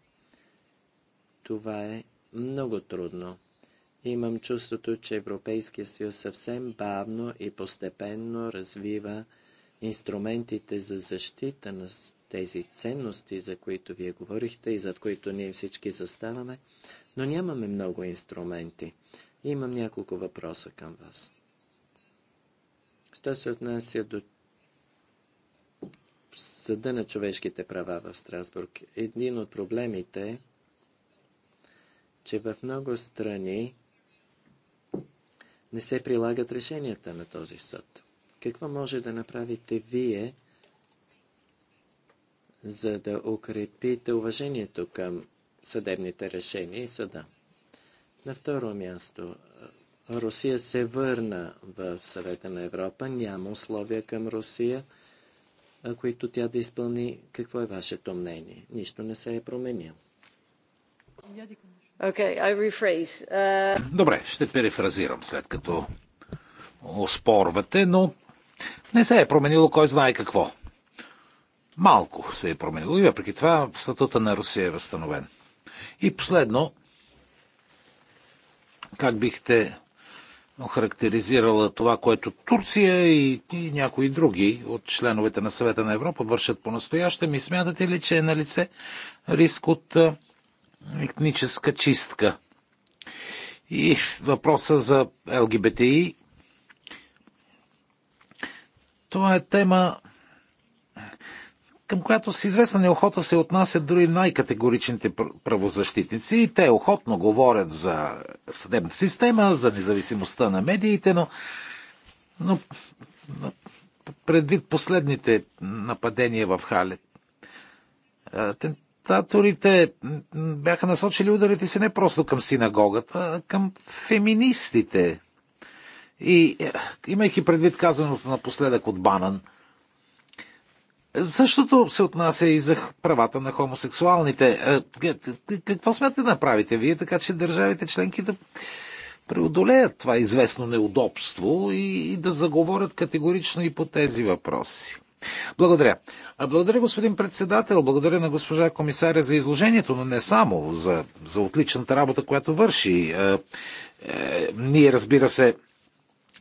Това е много трудно. Имам чувството, че Европейския съюз съвсем бавно и постепенно развива инструментите за защита на тези ценности, за които вие говорихте и за които ние всички заставаме, но нямаме много инструменти. Имам няколко въпроса към вас. Що се отнася до Съда на човешките права в Страсбург, един от проблемите е, че в много страни не се прилагат решенията на този съд. Какво може да направите вие, за да укрепите уважението към съдебните решения и съда? На второ място, Русия се върна в съвета на Европа. Няма условия към Русия, които тя да изпълни. Какво е вашето мнение? Нищо не се е променило. Okay, I rephrase. Uh... Добре, ще перефразирам след като оспорвате, но не се е променило кой знае какво. Малко се е променило и въпреки това статута на Русия е възстановен. И последно, как бихте охарактеризирала това, което Турция и, и някои други от членовете на съвета на Европа вършат по-настоящем ми смятате ли, че е на лице риск от етническа чистка? И въпроса за ЛГБТИ това е тема, към която с известна неохота се отнасят дори най-категоричните правозащитници. И те охотно говорят за съдебната система, за независимостта на медиите, но, но предвид последните нападения в Хале, тентаторите бяха насочили ударите си не просто към синагогата, а към феминистите – и е, имайки предвид казаното напоследък от Банан, Същото се отнася и за правата на хомосексуалните. Е, какво смятате да направите вие, така че държавите членки да преодолеят това известно неудобство и, и да заговорят категорично и по тези въпроси? Благодаря. благодаря, господин председател, благодаря на госпожа комисаря за изложението, но не само за, за отличната работа, която върши. Е, е, ние, разбира се,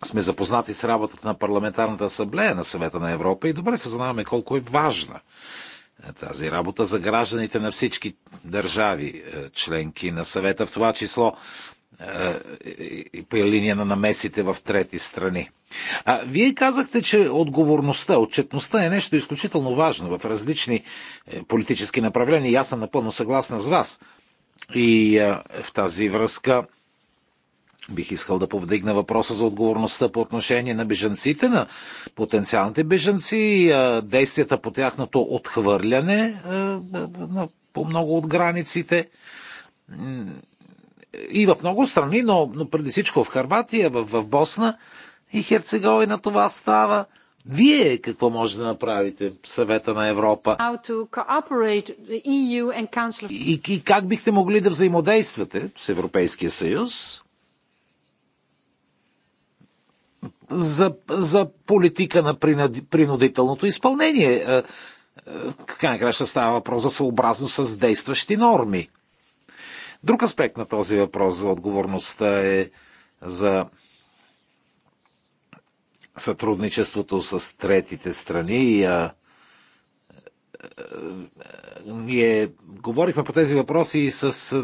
сме запознати с работата на Парламентарната асамблея на Съвета на Европа и добре съзнаваме колко е важна е, тази работа за гражданите на всички държави, е, членки на съвета, в това число е, и по линия на намесите в трети страни. А, вие казахте, че отговорността, отчетността е нещо изключително важно в различни политически направления и аз съм напълно съгласна с вас. И а, в тази връзка Бих искал да повдигна въпроса за отговорността по отношение на бежанците, на потенциалните бежанци, действията по тяхното отхвърляне по много от границите. И в много страни, но, но преди всичко в Харватия, в, в Босна и Херцеговина това става. Вие какво може да направите съвета на Европа? E и, и как бихте могли да взаимодействате с Европейския съюз за, за политика на принудителното изпълнение. Е, е, крайна ще става въпрос за съобразно с действащи норми. Друг аспект на този въпрос за отговорността е за сътрудничеството с третите страни. И, е, а, ние говорихме по тези въпроси и с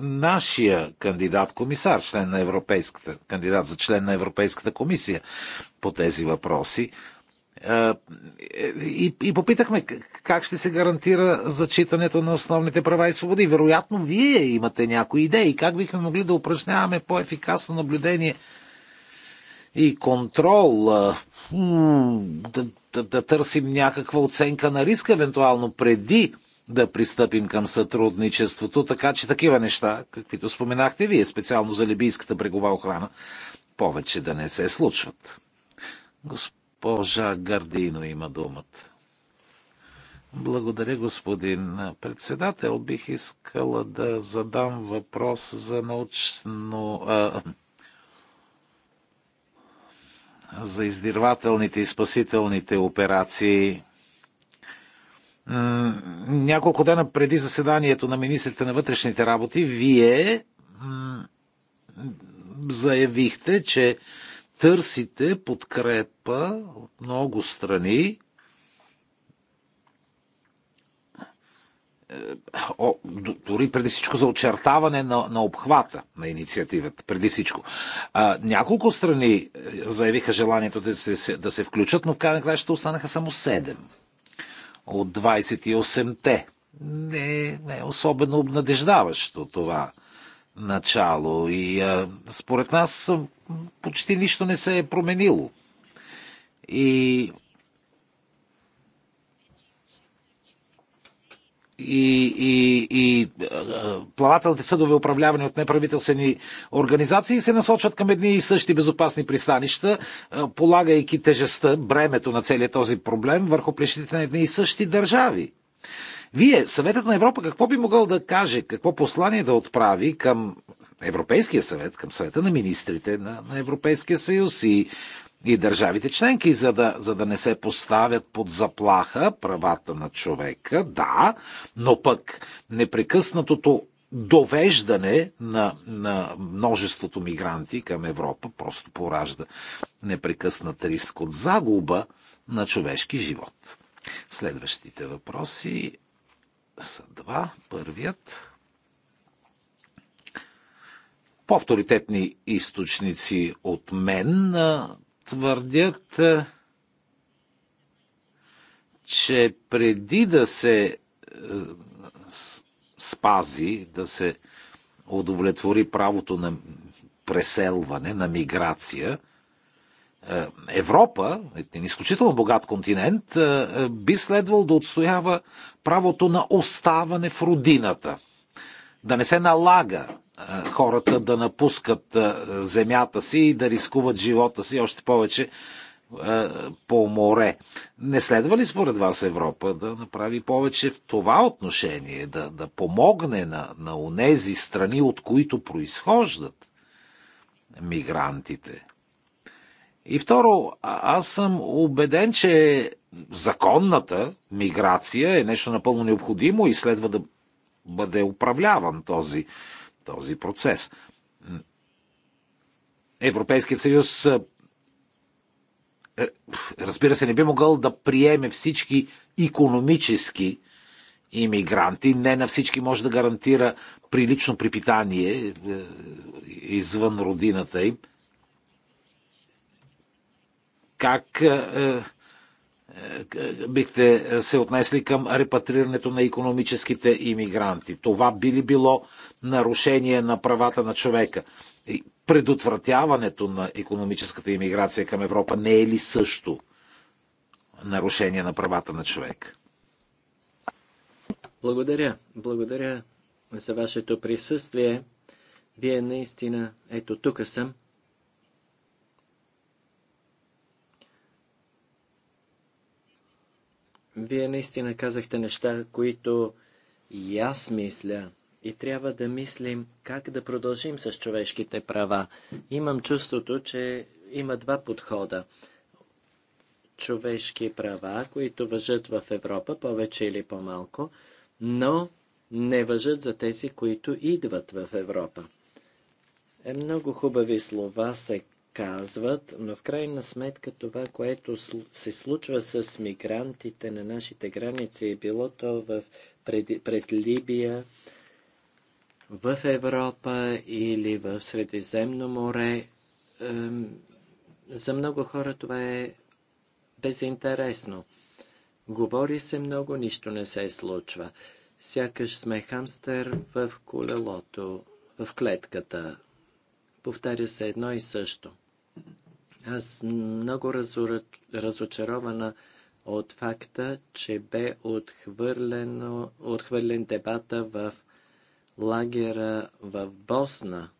нашия кандидат комисар, член на Европейската, кандидат за член на Европейската комисия по тези въпроси. И, и попитахме как ще се гарантира зачитането на основните права и свободи. Вероятно, вие имате някои идеи как бихме могли да упражняваме по-ефикасно наблюдение и контрол да търсим някаква оценка на риска, евентуално преди да пристъпим към сътрудничеството, така че такива неща, каквито споменахте вие, специално за либийската брегова охрана, повече да не се случват. Госпожа Гардино има думата. Благодаря, господин председател. Бих искала да задам въпрос за научно, а, за издирвателните и спасителните операции. Няколко дена преди заседанието на министрите на вътрешните работи, вие заявихте, че търсите подкрепа от много страни о, дори преди всичко за очертаване на, на обхвата на инициативата, преди всичко. А, няколко страни е, заявиха желанието да се, да се включат, но в крайна края ще останаха само 7 от 28-те. Не, не е особено обнадеждаващо това начало и а, според нас почти нищо не се е променило. И и, и, и плавателните съдове, управлявани от неправителствени организации, се насочват към едни и същи безопасни пристанища, полагайки тежестта, бремето на целият този проблем върху плещите на едни и същи държави. Вие, съветът на Европа, какво би могъл да каже, какво послание да отправи към Европейския съвет, към съвета на министрите на, на Европейския съюз и и държавите членки, за да, за да не се поставят под заплаха правата на човека, да, но пък непрекъснатото довеждане на, на множеството мигранти към Европа просто поражда непрекъснат риск от загуба на човешки живот. Следващите въпроси са два. Първият. По-авторитетни източници от мен твърдят, че преди да се е, спази, да се удовлетвори правото на преселване, на миграция, е, Европа, един изключително богат континент, е, би следвал да отстоява правото на оставане в родината. Да не се налага хората да напускат земята си и да рискуват живота си още повече по море. Не следва ли според вас Европа да направи повече в това отношение, да, да помогне на, на унези страни, от които произхождат мигрантите? И второ, аз съм убеден, че законната миграция е нещо напълно необходимо и следва да бъде управляван този този процес. Европейският съюз, е, е, разбира се, не би могъл да приеме всички економически иммигранти. Не на всички може да гарантира прилично припитание е, извън родината им. Как бихте се отнесли към репатрирането на економическите иммигранти? Това би ли било нарушение на правата на човека. Предотвратяването на економическата иммиграция към Европа не е ли също нарушение на правата на човека? Благодаря. Благодаря за вашето присъствие. Вие наистина, ето тук съм. Вие наистина казахте неща, които и аз мисля – и трябва да мислим как да продължим с човешките права. Имам чувството, че има два подхода. Човешки права, които въжат в Европа, повече или по-малко, но не въжат за тези, които идват в Европа. Е, много хубави слова се казват, но в крайна сметка това, което се случва с мигрантите на нашите граници, е било то в, пред, пред Либия, в Европа или в Средиземно море. За много хора това е безинтересно. Говори се много, нищо не се случва. Сякаш сме хамстер в колелото, в клетката. Повтаря се едно и също. Аз много разочарована от факта, че бе отхвърлено, отхвърлен дебата в лагера в Босна.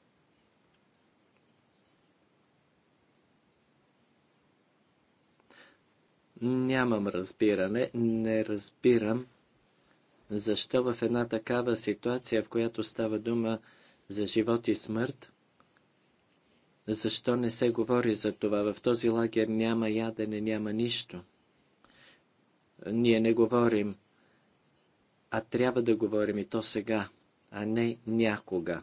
Нямам разбиране, не разбирам защо в една такава ситуация, в която става дума за живот и смърт, защо не се говори за това? В този лагер няма ядене, няма нищо. Ние не говорим, а трябва да говорим и то сега а не някога.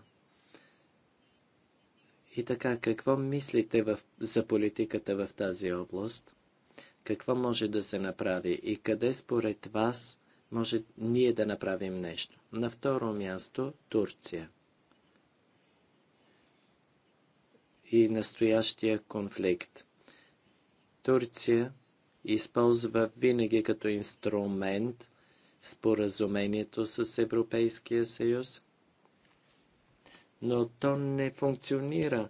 И така, какво мислите в, за политиката в тази област? Какво може да се направи и къде според вас може ние да направим нещо? На второ място Турция. И настоящия конфликт. Турция използва винаги като инструмент споразумението с Европейския съюз, но то не функционира.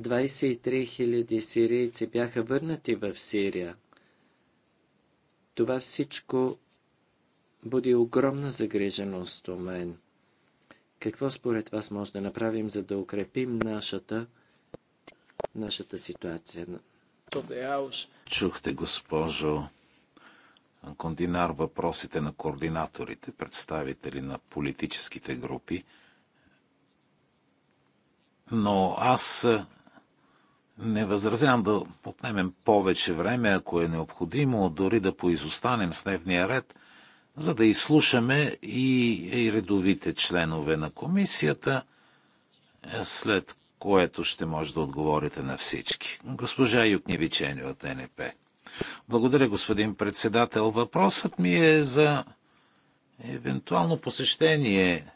23 000 сирийци бяха върнати в Сирия. Това всичко буди огромна загриженост у мен. Какво според вас може да направим, за да укрепим нашата, нашата ситуация? Чухте, госпожо Кондинар въпросите на координаторите, представители на политическите групи. Но аз е, не възразявам да отнемем повече време, ако е необходимо, дори да поизостанем с дневния ред, за да изслушаме и, и редовите членове на комисията, е, след което ще може да отговорите на всички. Госпожа Юкневичени от НП. Благодаря, господин председател. Въпросът ми е за евентуално посещение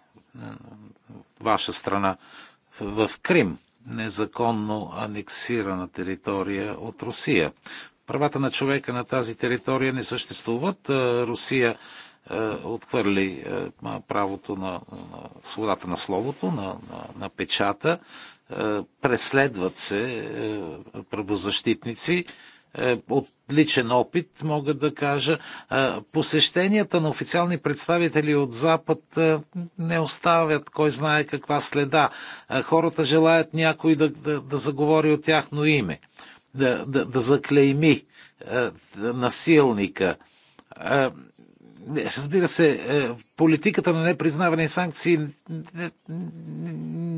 ваша страна в Крим, незаконно анексирана територия от Русия. Правата на човека на тази територия не съществуват. Русия отхвърли правото на, на свободата на словото, на, на, на печата. Преследват се правозащитници. Е, от личен опит мога да кажа, е, посещенията на официални представители от Запад е, не оставят кой знае каква следа. Хората желаят някой да, да, да заговори от тяхно име, да, да, да заклейми насилника. Разбира се, политиката на непризнаване и санкции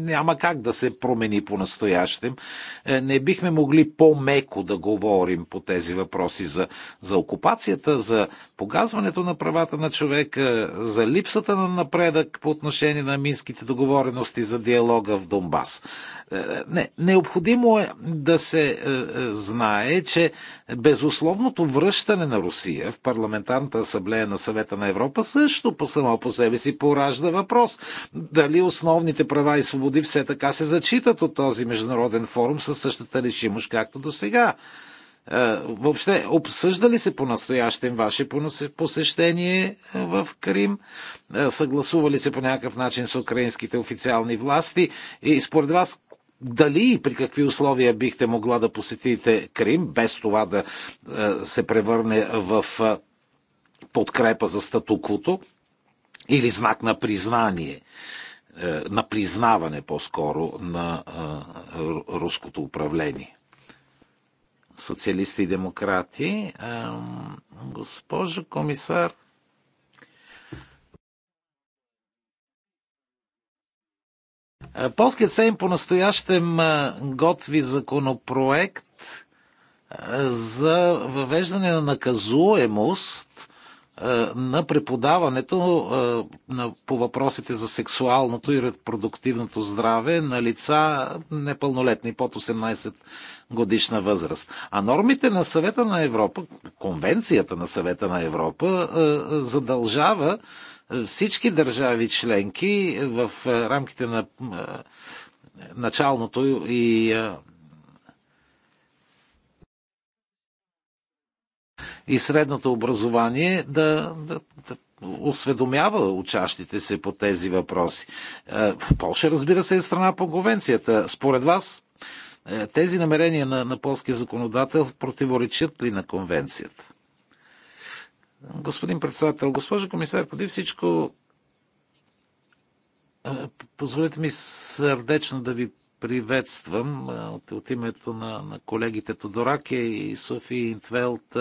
няма как да се промени по-настоящем. Е, не бихме могли по-меко да говорим по тези въпроси за, за окупацията, за погазването на правата на човека, за липсата на напредък по отношение на минските договорености за диалога в Донбас. Е, не, необходимо е да се е, знае, че безусловното връщане на Русия в Парламентарната асамблея на съвета на Европа също по само само по себе си поражда въпрос. Дали основните права и свободи все така се зачитат от този международен форум със същата решимост, както до сега? Е, въобще, обсъжда ли се по-настоящем ваше посещение е, в Крим? Е, Съгласува ли се по някакъв начин с украинските официални власти? И според вас, дали и при какви условия бихте могла да посетите Крим, без това да се превърне в подкрепа за статуквото? или знак на признание, е, на признаване по-скоро на е, руското управление. Социалисти и демократи, госпожо комисар, е, Полският Сейм по-настоящем готви законопроект за въвеждане на наказуемост е, на преподаването е, по въпросите за сексуалното и репродуктивното здраве на лица е, непълнолетни под 18 годишна възраст. А нормите на съвета на Европа, конвенцията на съвета на Европа задължава всички държави членки в рамките на началното и и средното образование да, да, да осведомява учащите се по тези въпроси. Е, Польша, разбира се, е страна по конвенцията. Според вас, е, тези намерения на, на полския законодател противоречат ли на конвенцията? Господин председател, госпожо комисар, преди всичко, е, позволете ми сърдечно да ви приветствам от, от името на, на колегите Тодораке и Софи Интвелт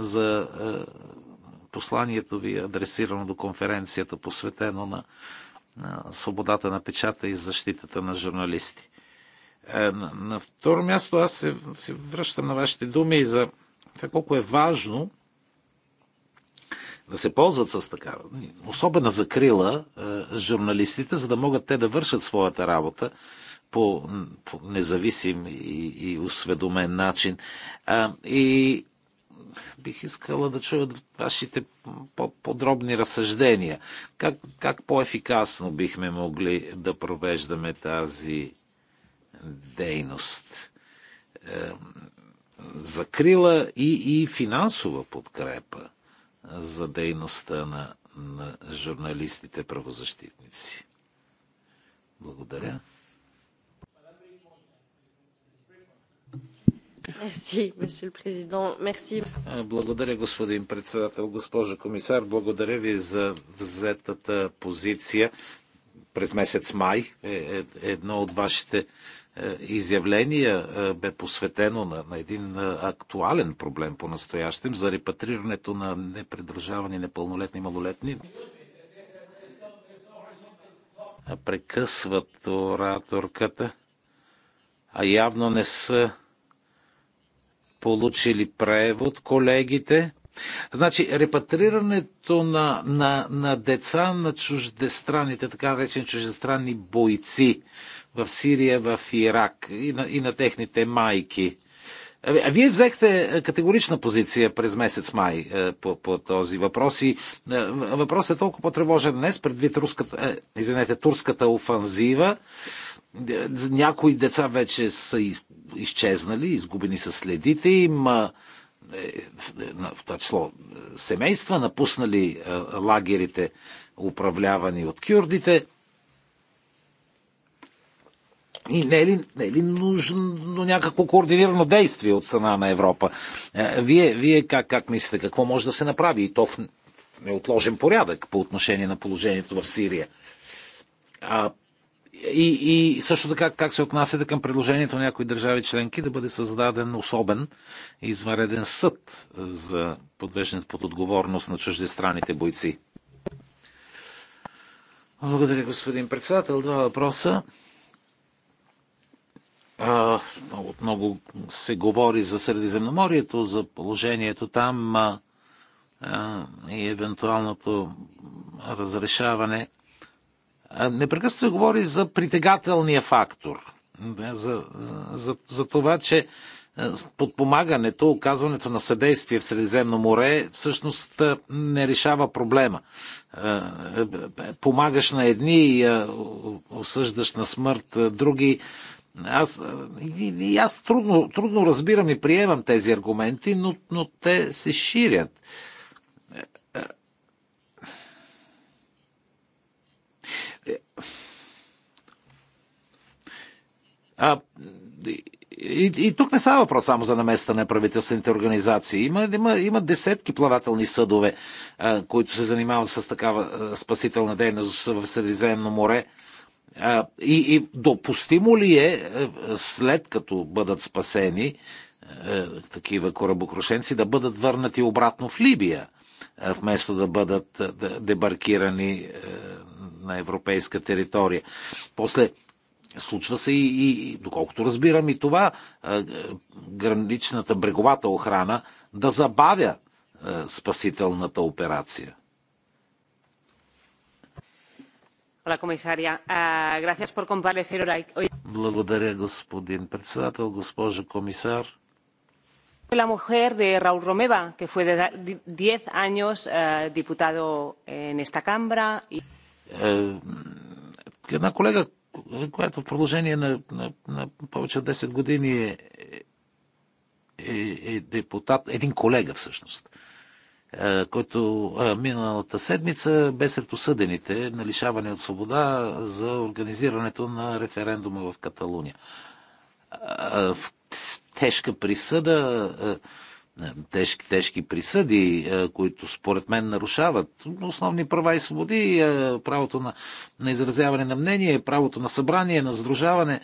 за е, посланието ви, адресирано до конференцията, посветено на свободата на печата и защитата на журналисти. Е, на второ място аз се, се връщам на вашите думи и за това колко е важно да се ползват с такава особена закрила е, журналистите, за да могат те да вършат своята работа по, по независим и, и осведомен начин. и Бих искала да чуя вашите подробни разсъждения. Как, как по-ефикасно бихме могли да провеждаме тази дейност? Е, закрила и, и финансова подкрепа за дейността на, на журналистите-правозащитници. Благодаря. Благодаря, господин председател, госпожо комисар. Благодаря ви за взетата позиция през месец май. Е, е, едно от вашите е, изявления бе посветено на, на един актуален проблем по настоящем за репатрирането на непредържавани непълнолетни малолетни. Прекъсват ораторката, а явно не са получили превод колегите. Значи, репатрирането на, на, на деца на чуждестранните, така речени чуждестранни бойци в Сирия, в Ирак и на, и на техните майки. А вие взехте категорична позиция през месец май по, по този въпрос и въпросът е толкова по-тревожен днес предвид руската, извинете, турската офанзива. Някои деца вече са изчезнали, изгубени са следите им, е, е, в това число е, семейства, напуснали лагерите, управлявани от кюрдите. И не е, ли, не е ли нужно някакво координирано действие от страна на Европа? Вие, вие как, как мислите, какво може да се направи и то в неотложен порядък по отношение на положението в Сирия? А и, и също така как се отнасяте към предложението на някои държави членки да бъде създаден особен извънреден съд за подвеждането под отговорност на чуждестранните бойци. Благодаря, господин председател. Два въпроса. А, много, много се говори за Средиземноморието, за положението там а, и евентуалното разрешаване непрекъснато говори за притегателния фактор. За, за, за това, че подпомагането, оказването на съдействие в Средиземно море всъщност не решава проблема. Помагаш на едни, осъждаш на смърт други. Аз, и аз трудно, трудно разбирам и приемам тези аргументи, но, но те се ширят. А, и, и тук не става въпрос само за наместа на правителствените организации. Има, има, има десетки плавателни съдове, а, които се занимават с такава а, спасителна дейност в Средиземно море. А, и, и допустимо ли е, след като бъдат спасени а, такива корабокрушенци, да бъдат върнати обратно в Либия, а, вместо да бъдат а, дебаркирани а, на европейска територия? После случва се и, и, доколкото разбирам и това, е, е, граничната бреговата охрана да забавя е, спасителната операция. Ah, Благодаря, господин председател, госпожо комисар. La mujer de Raúl Romeva, que fue de 10 años eh, diputado en esta Cámara. una colega която в продължение на, на, на повече от 10 години е, е, е депутат, един колега всъщност, е, който е, миналата седмица бе сред осъдените на лишаване от свобода за организирането на референдума в Каталуния. Е, тежка присъда е, тежки, тежки присъди, е, които според мен нарушават основни права и свободи, е, правото на, на изразяване на мнение, правото на събрание, на сдружаване.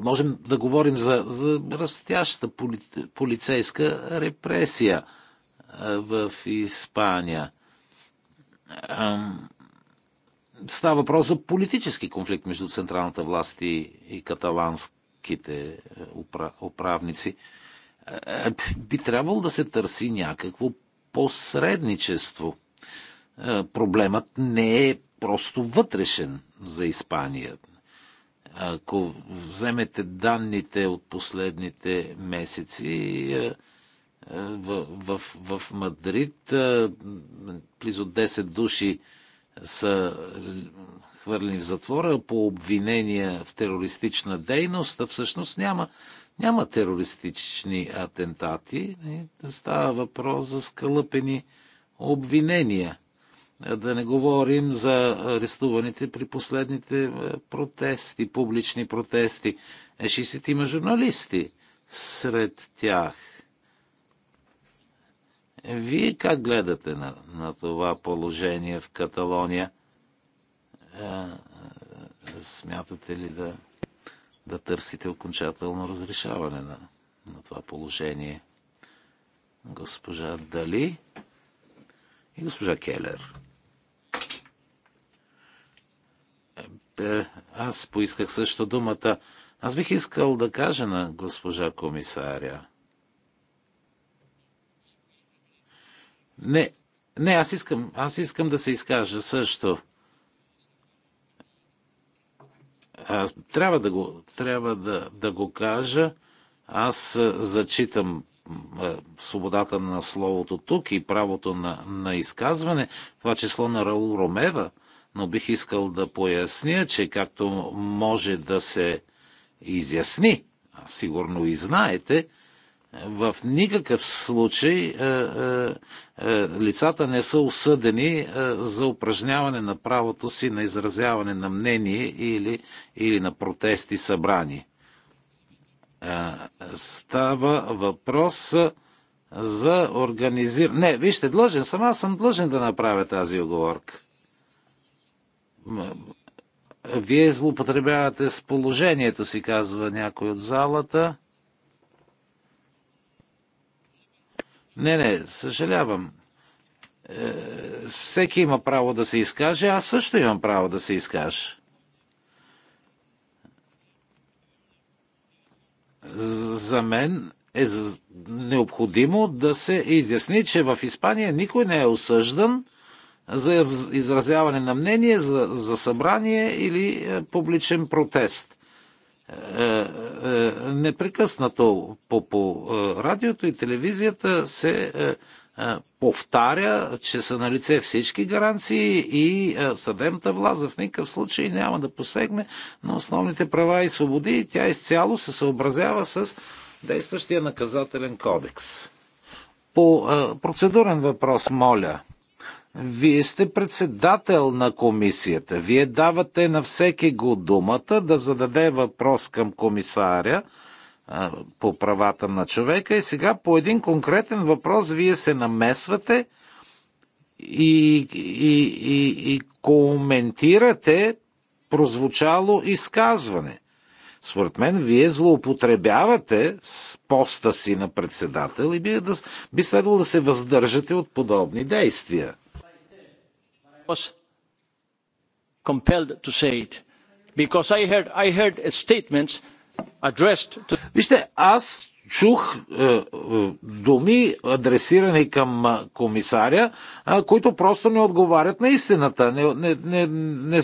Можем да говорим за, за растяща поли, полицейска репресия в Испания. Става въпрос за политически конфликт между централната власт и, и каталанска малките е, управници. Е, е, би трябвало да се търси някакво посредничество. Проблемът не е просто вътрешен за Испания. Ако вземете данните от последните месеци, в, в, в Мадрид близо 10 души са хвърлени в затвора по обвинения в терористична дейност, а всъщност няма, няма терористични атентати. Става въпрос за скълъпени обвинения. Да не говорим за арестуваните при последните е, протести, публични протести. 60 има журналисти сред тях. Вие как гледате на, на това положение в Каталония? Е, е, смятате ли да, да търсите окончателно разрешаване на, на това положение? Госпожа Дали и госпожа Келер. Е, аз поисках също думата. Аз бих искал да кажа на госпожа комисаря. Не, не, аз искам, аз искам да се изкажа също. Аз трябва да го, трябва да, да го кажа. Аз зачитам свободата на словото тук и правото на, на изказване, това число на Раул Ромева, но бих искал да поясня, че както може да се изясни, а сигурно и знаете, в никакъв случай е, е, е, лицата не са осъдени за упражняване на правото си на изразяване на мнение или, или на протести събрани. Става въпрос за организиране. Не, вижте, длъжен съм, аз съм длъжен да направя тази оговорка. Вие злоупотребявате с положението си, казва някой от залата. Не, не, съжалявам. Е, всеки има право да се изкаже, аз също имам право да се изкажа. За мен е необходимо да се изясни, че в Испания никой не е осъждан за изразяване на мнение, за, за събрание или е, публичен протест. Е, е, непрекъснато по, по е, радиото и телевизията се повтаря, че са на лице всички гаранции и съдебната власт в никакъв случай няма да посегне на основните права и свободи и тя изцяло се съобразява с действащия наказателен кодекс. По процедурен въпрос, моля. Вие сте председател на комисията. Вие давате на всеки го думата да зададе въпрос към комисаря по правата на човека и сега по един конкретен въпрос вие се намесвате и, и, и, и коментирате прозвучало изказване. Според мен, вие злоупотребявате с поста си на председател и би, да, би следвало да се въздържате от подобни действия was compelled to say it. Because I heard, I heard statements addressed to... Вижте, аз чух е, е думи, адресирани към е, комисаря, е, които просто не отговарят на истината, не, не, не, не,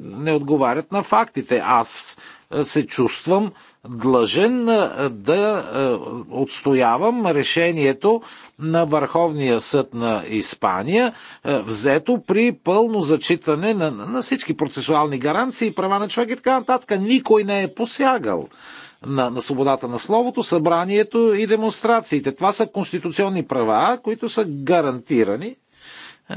не отговарят на фактите. Аз е, се чувствам длъжен да отстоявам решението на Върховния съд на Испания, взето при пълно зачитане на, на всички процесуални гаранции, права на човек и така нататък. Никой не е посягал на, на свободата на словото, събранието и демонстрациите. Това са конституционни права, които са гарантирани е,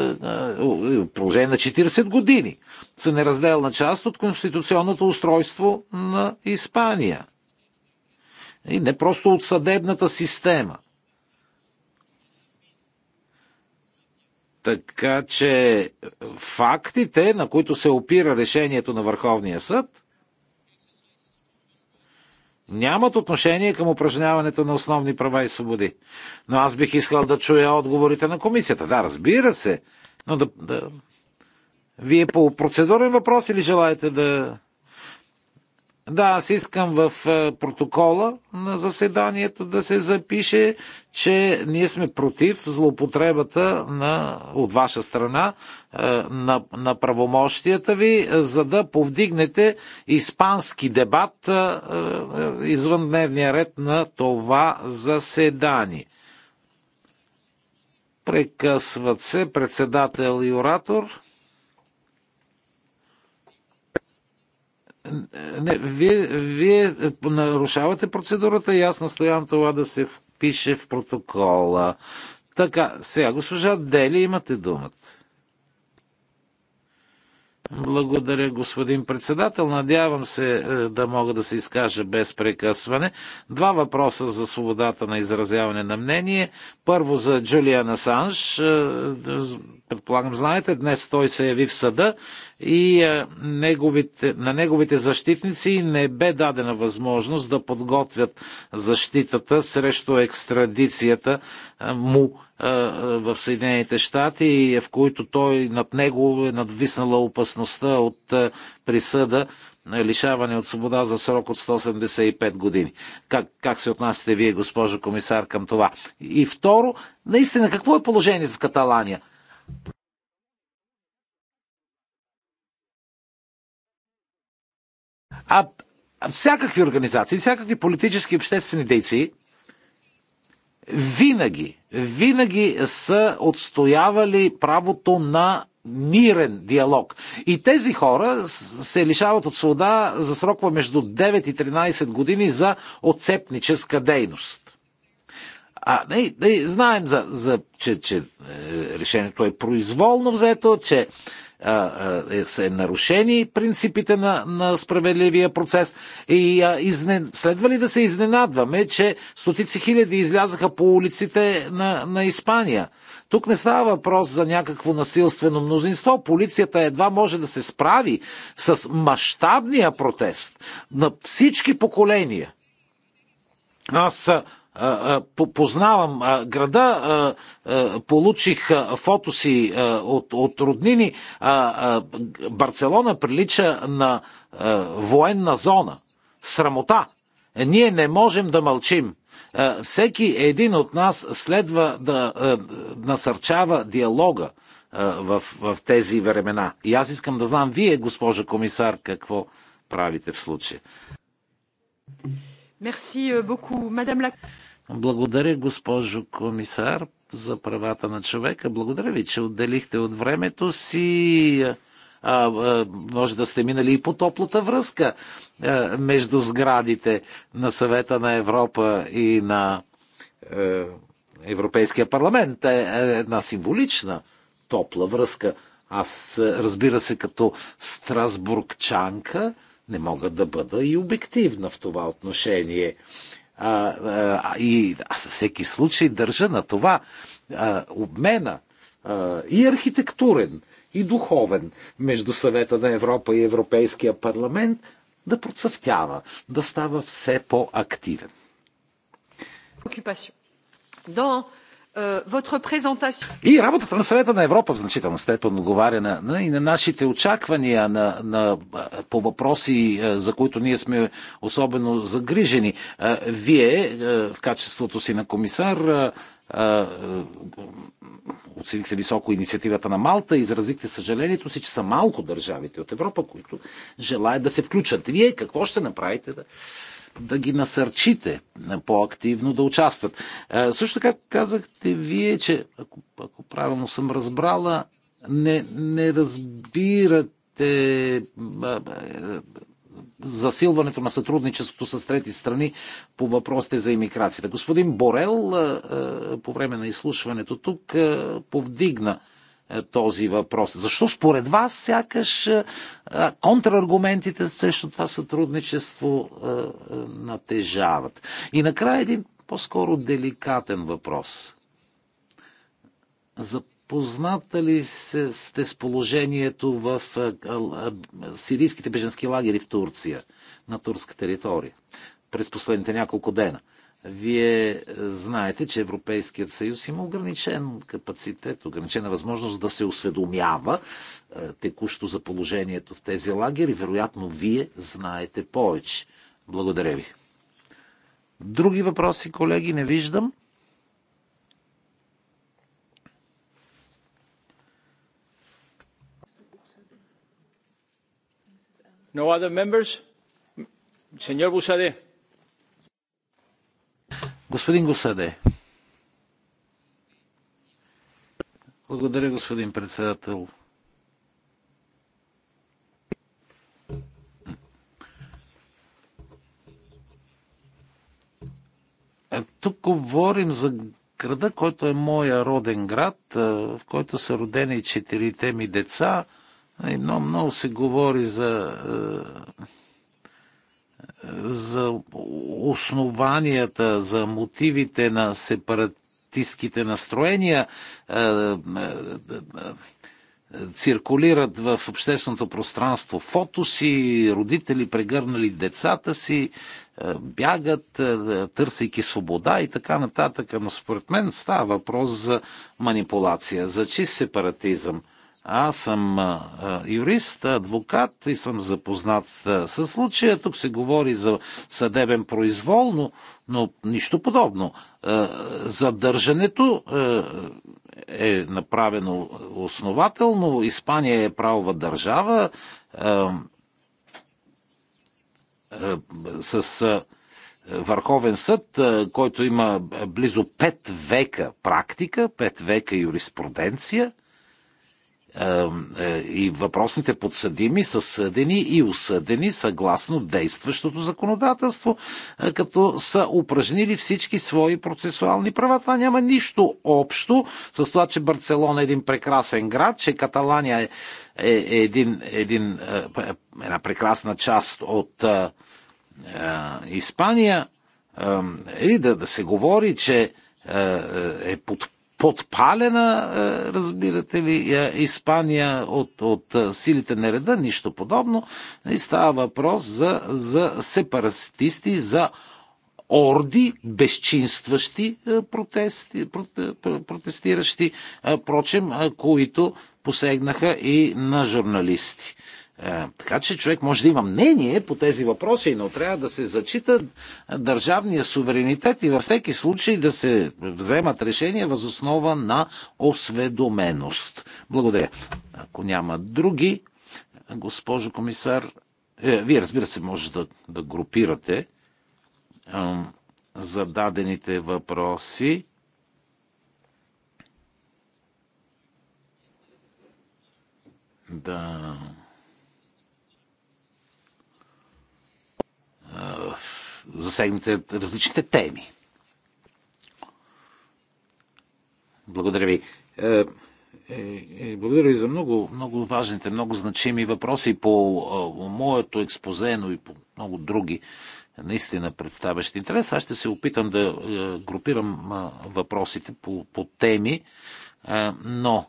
е, е, продължение на 40 години са неразделна част от конституционното устройство на Испания. И не просто от съдебната система. Така че фактите, на които се опира решението на Върховния съд, нямат отношение към упражняването на основни права и свободи. Но аз бих искал да чуя отговорите на комисията. Да, разбира се, но да. да... Вие по процедурен въпрос или желаете да да, аз искам в е, протокола на заседанието да се запише, че ние сме против злоупотребата на, от ваша страна е, на, на правомощията ви, е, за да повдигнете испански дебат извън дневния ред на това заседание. Прекъсват се председател и оратор. Не, вие, вие нарушавате процедурата и аз настоявам това да се впише в протокола. Така, сега госпожа Дели, имате думата. Благодаря, господин председател. Надявам се е, да мога да се изкажа без прекъсване. Два въпроса за свободата на изразяване на мнение. Първо за Джулиан Асанж. Е, предполагам, знаете, днес той се яви в съда и е, неговите, на неговите защитници не бе дадена възможност да подготвят защитата срещу екстрадицията му в Съединените щати, в които той над него е надвиснала опасността от присъда лишаване от свобода за срок от 185 години. Как, как се отнасяте вие, госпожо комисар, към това? И второ, наистина, какво е положението в Каталания? А всякакви организации, всякакви политически и обществени дейци, винаги, винаги са отстоявали правото на мирен диалог. И тези хора се лишават от свобода за срокове между 9 и 13 години за отцепническа дейност. А, не, не, знаем, за, за, че, че е, решението е произволно взето, че се нарушени принципите на, на справедливия процес. И а, изне... следва ли да се изненадваме, че стотици хиляди излязаха по улиците на, на Испания? Тук не става въпрос за някакво насилствено мнозинство. Полицията едва може да се справи с мащабния протест на всички поколения. Аз познавам града, получих фото си от, от роднини. Барселона прилича на военна зона. Срамота. Ние не можем да мълчим. Всеки един от нас следва да насърчава диалога в, в тези времена. И аз искам да знам вие, госпожа комисар, какво правите в случая. Merci euh, beaucoup, Madame la благодаря, госпожо комисар, за правата на човека. Благодаря ви, че отделихте от времето си. А, а, може да сте минали и по топлата връзка а, между сградите на съвета на Европа и на а, е, Европейския парламент. Е, е една символична топла връзка. Аз, разбира се, като страсбургчанка, не мога да бъда и обективна в това отношение. А, а, и аз във всеки случай държа на това а, обмена а, и архитектурен, и духовен между съвета на Европа и Европейския парламент да процъфтява, да става все по-активен. Dans е, votre И работата на съвета на Европа в значителна степен отговаря на, на, и на нашите очаквания на, на, по въпроси, за които ние сме особено загрижени. Вие, в качеството си на комисар, оценихте високо инициативата на Малта, и изразихте съжалението си, че са малко държавите от Европа, които желаят да се включат. Вие какво ще направите да, да ги насърчите по-активно да участват. Е, също така казахте вие, че ако, ако правилно съм разбрала, не, не разбирате е, е, засилването на сътрудничеството с трети страни по въпросите за иммиграцията. Господин Борел по време на изслушването тук повдигна е, този въпрос. Защо според вас сякаш е, контраргументите срещу това сътрудничество е, натежават? И накрая един по-скоро деликатен въпрос. Запозната ли се, сте с положението в сирийските беженски лагери в Турция, на турска територия, през последните няколко дена? Вие знаете, че Европейският съюз има ограничен капацитет, ограничена възможност да се осведомява е, текущо за положението в тези лагери. Вероятно, вие знаете повече. Благодаря ви. Други въпроси, колеги, не виждам. No other members? Señor Busade. Господин Госаде. Благодаря, господин председател. Е, тук говорим за града, който е моя роден град, е, в който са родени четирите ми деца. И много, много се говори за е, за основанията, за мотивите на сепаратистските настроения е, е, е, циркулират в общественото пространство фото си, родители прегърнали децата си, бягат, търсейки свобода и така нататък. Но според мен става въпрос за манипулация, за чист сепаратизъм – аз съм юрист, адвокат и съм запознат с случая. Тук се говори за съдебен произвол, но, но нищо подобно. Задържането е направено основателно. Испания е правова държава с Върховен съд, който има близо 5 века практика, 5 века юриспруденция – е, и въпросните подсъдими са съдени и осъдени съгласно действащото законодателство, е, като са упражнили всички свои процесуални права. Това няма нищо общо с това, че Барселона е един прекрасен град, че Каталания е, е един, един, е, една прекрасна част от е, Испания. И да, да се говори, че е под подпалена, е, разбирате ли, е, Испания от, от е, силите на реда, нищо подобно. И става въпрос за, за сепаратисти, за орди, безчинстващи протести, протестиращи, прочим, които посегнаха и на журналисти. Е, така че човек може да има мнение по тези въпроси, но трябва да се зачита държавния суверенитет и във всеки случай да се вземат решения възоснова на осведоменост. Благодаря. Ако няма други, госпожо комисар, е, вие разбира се може да, да групирате е, зададените въпроси. Да. засегнете различните теми. Благодаря ви. Е, е, е, благодаря ви за много, много важните, много значими въпроси по моето експозе, но и по много други, наистина представящи интерес. Аз ще се опитам да групирам въпросите по, по теми, но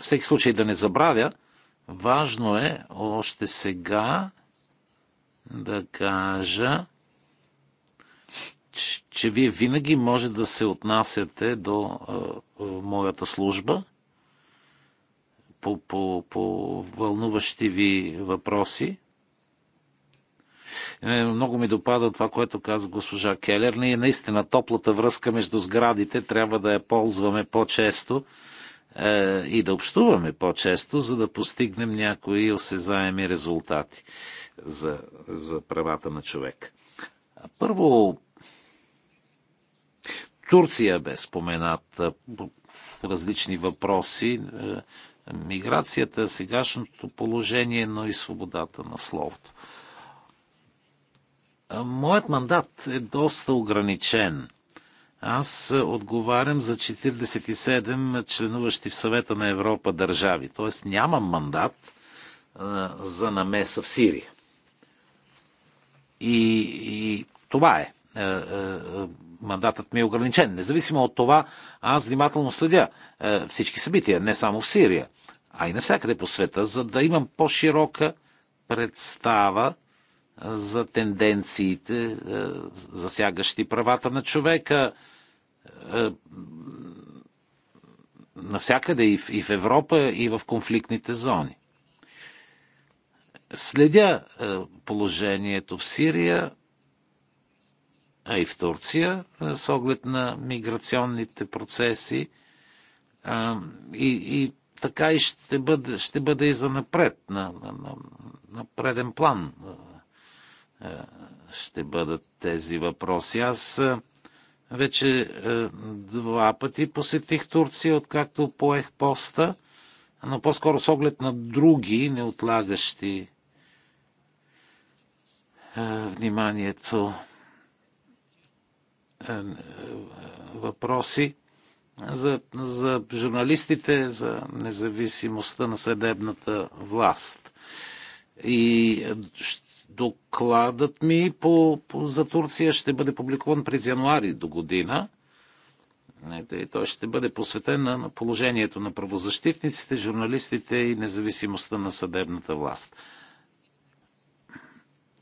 всеки случай да не забравя, важно е още сега да кажа, че, че вие винаги може да се отнасяте до а, моята служба по, по, по вълнуващи ви въпроси. Е, много ми допада това, което каза госпожа Келер. Ние наистина топлата връзка между сградите трябва да я ползваме по-често е, и да общуваме по-често, за да постигнем някои осезаеми резултати за, за правата на човек. Първо, Турция бе спомената е, различни въпроси. Е, миграцията, сегашното положение, но и свободата на словото. Моят мандат е доста ограничен – аз е, отговарям за 47 е, членуващи в съвета на Европа държави. Тоест нямам мандат а, е, за намеса в Сирия. И, и това е. А, а, мандатът ми е ограничен. Независимо от това, аз внимателно следя а, всички събития, не само в Сирия, а и навсякъде по света, за да имам по-широка представа за тенденциите, засягащи правата на човека, е, навсякъде и в, и в Европа, и в конфликтните зони. Следя е, положението в Сирия, а и в Турция, е, с оглед на миграционните процеси. И, и така и ще бъде, ще бъде и за напред, на, на, на, на преден план ще бъдат тези въпроси. Аз вече е, два пъти посетих Турция, откакто поех поста, но по-скоро с оглед на други неотлагащи е, вниманието е, е, въпроси за, за журналистите, за независимостта на съдебната власт. И е, Докладът ми по, по, за Турция ще бъде публикуван през януари до година. И той ще бъде посветен на, на положението на правозащитниците, журналистите и независимостта на съдебната власт.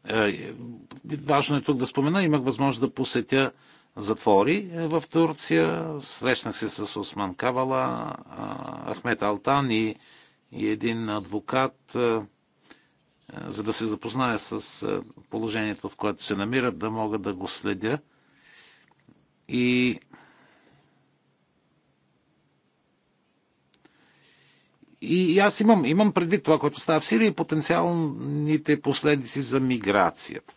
Е, важно е тук да спомена, имах възможност да посетя затвори е, в Турция. Срещнах се с Осман Кавала, Ахмет Алтан и, и един адвокат, е, е, за да се запозная с е, положението, в което се намират, да мога да го следя. И И, аз имам, имам предвид това, което става в Сирия и потенциалните последици за миграцията.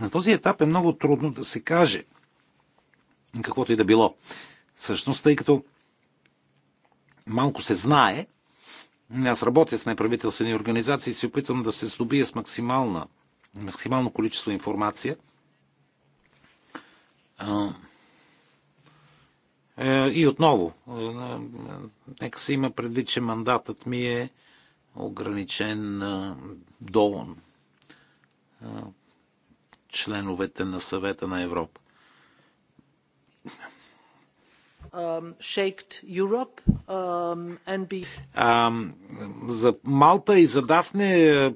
На този етап е много трудно да се каже каквото и да било. Всъщност, тъй като малко се знае аз работя с неправителствени организации и се опитвам да се здобия с максимална, максимално количество информация. Е, и отново, е, е, нека се има предвид, че мандатът ми е ограничен до членовете на съвета на Европа. А, за Малта и за Дафне е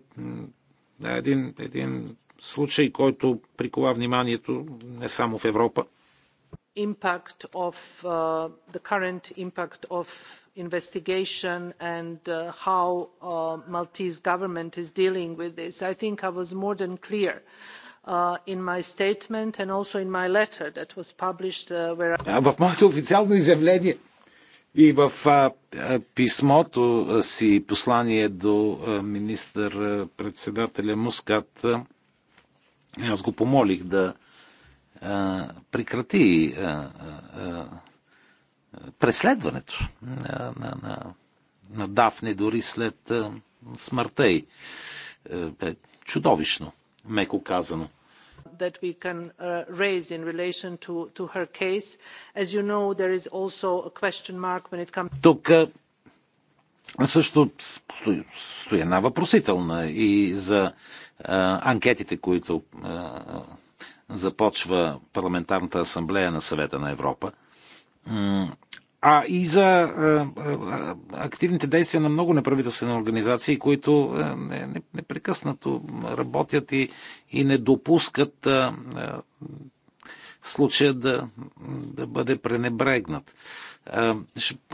един, един случай, който прикова вниманието не само в Европа. Impact of uh, the current impact of investigation and uh, how uh, Maltese government is dealing with this. I think I was more than clear uh, в моето официално изявление и в писмото си послание до министър-председателя Мускат аз го помолих да прекрати преследването на, на, на, Дафне дори след смъртта й. Е, е, чудовищно меко казано that we can uh, raise in relation to her case. As you know, there is also a question mark when it comes. Тук също стои, стои една въпросителна и за анкетите, които започва Парламентарната асамблея на съвета на Европа а и за активните действия на много неправителствени организации, които непрекъснато работят и, и не допускат случая да, да бъде пренебрегнат.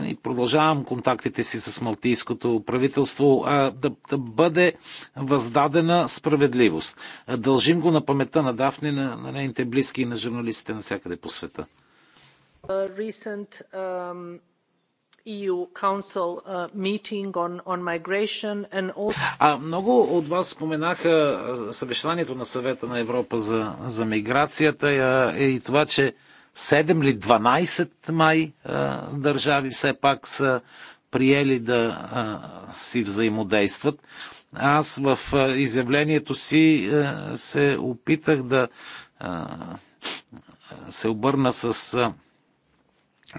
И продължавам контактите си с малтийското правителство да, да бъде въздадена справедливост. Дължим го на памета на Дафни, на, на нейните близки и на журналистите навсякъде по света recent um, EU Council uh, meeting on, on migration and all... А, много от вас споменаха съвещанието на съвета на Европа за, за миграцията и, и това, че 7 ли 12 май а, държави все пак са приели да а, си взаимодействат. Аз в а, изявлението си а, се опитах да а, се обърна с а,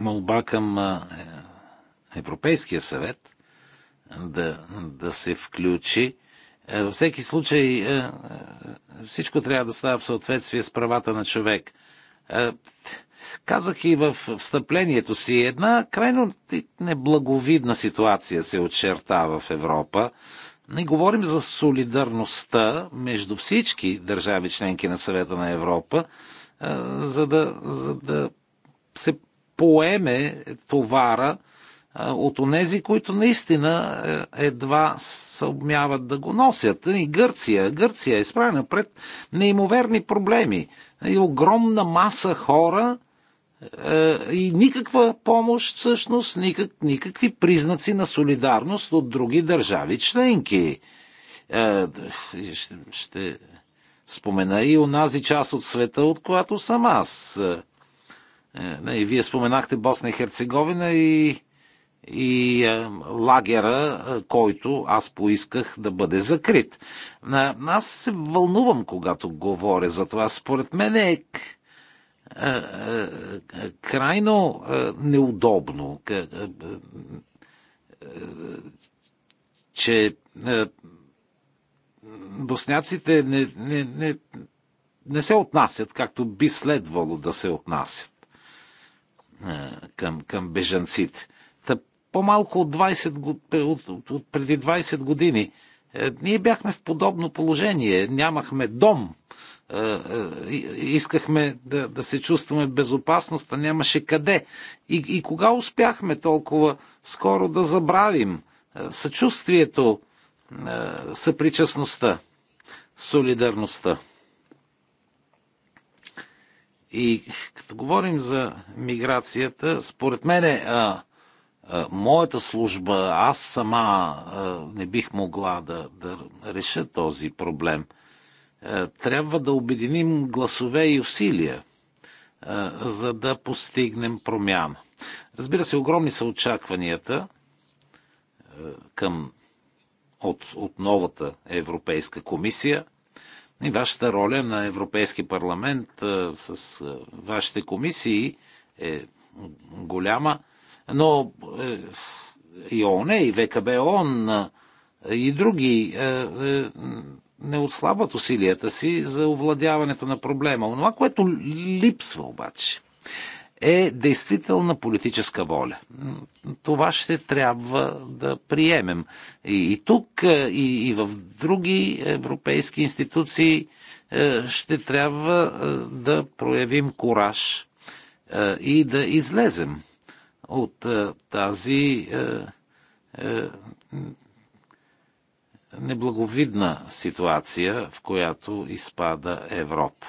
молба към е, Европейския съвет да, да се включи. Е, във всеки случай е, всичко трябва да става в съответствие с правата на човек. Казах и в встъплението си, една крайно неблаговидна ситуация се очертава в Европа. Не говорим за солидарността между всички държави членки на съвета на Европа, за да, за да се поеме товара от онези, които наистина е, едва съумяват да го носят. И Гърция. Гърция е изправена пред неимоверни проблеми. И огромна маса хора е, и никаква помощ, всъщност, никак, никакви признаци на солидарност от други държави членки. Е, ще, ще спомена и онази част от света, от която съм аз е, и вие споменахте Босна и Херцеговина и, и е, лагера, е, който аз поисках да бъде закрит. Аз се вълнувам, когато говоря за това. Според мен е крайно неудобно, че босняците не, не, не, не се отнасят както би следвало да се отнасят. Е, към, към бежанците. Та по-малко от, 20, от, от преди 20 години е, ние бяхме в подобно положение. Нямахме дом. Е, искахме да, да се чувстваме безопасност, а нямаше къде. И, и кога успяхме толкова скоро да забравим съчувствието, съпричастността, солидарността? И като говорим за миграцията, според мен е, а, а, моята служба, аз сама а, не бих могла да, да реша този проблем. А, трябва да обединим гласове и усилия, а, за да постигнем промяна. Разбира се, огромни са очакванията а, към, от, от новата Европейска комисия – и вашата роля на Европейски парламент с вашите комисии е голяма, но е, и ООН, и ВКБ ООН, и други е, е, не отслабват усилията си за овладяването на проблема. Онова, което липсва обаче – е действителна политическа воля. Това ще трябва да приемем. И, и тук, е, и, и в други европейски институции е, ще трябва е, да проявим кураж и да излезем от тази неблаговидна ситуация, в която изпада Европа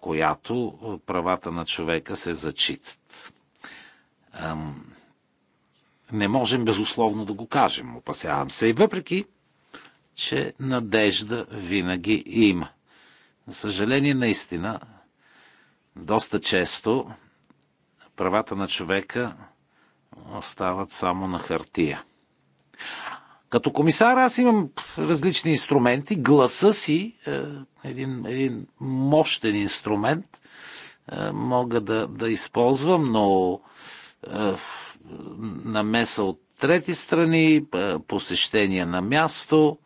която правата на човека се зачитат. Не можем безусловно да го кажем, опасявам се. И въпреки, че надежда винаги има. За съжаление, наистина, доста често правата на човека остават само на хартия. Като комисар аз имам различни инструменти. Гласа си е, един, един мощен инструмент. Е, мога да, да използвам, но е, намеса от трети страни, посещения на място,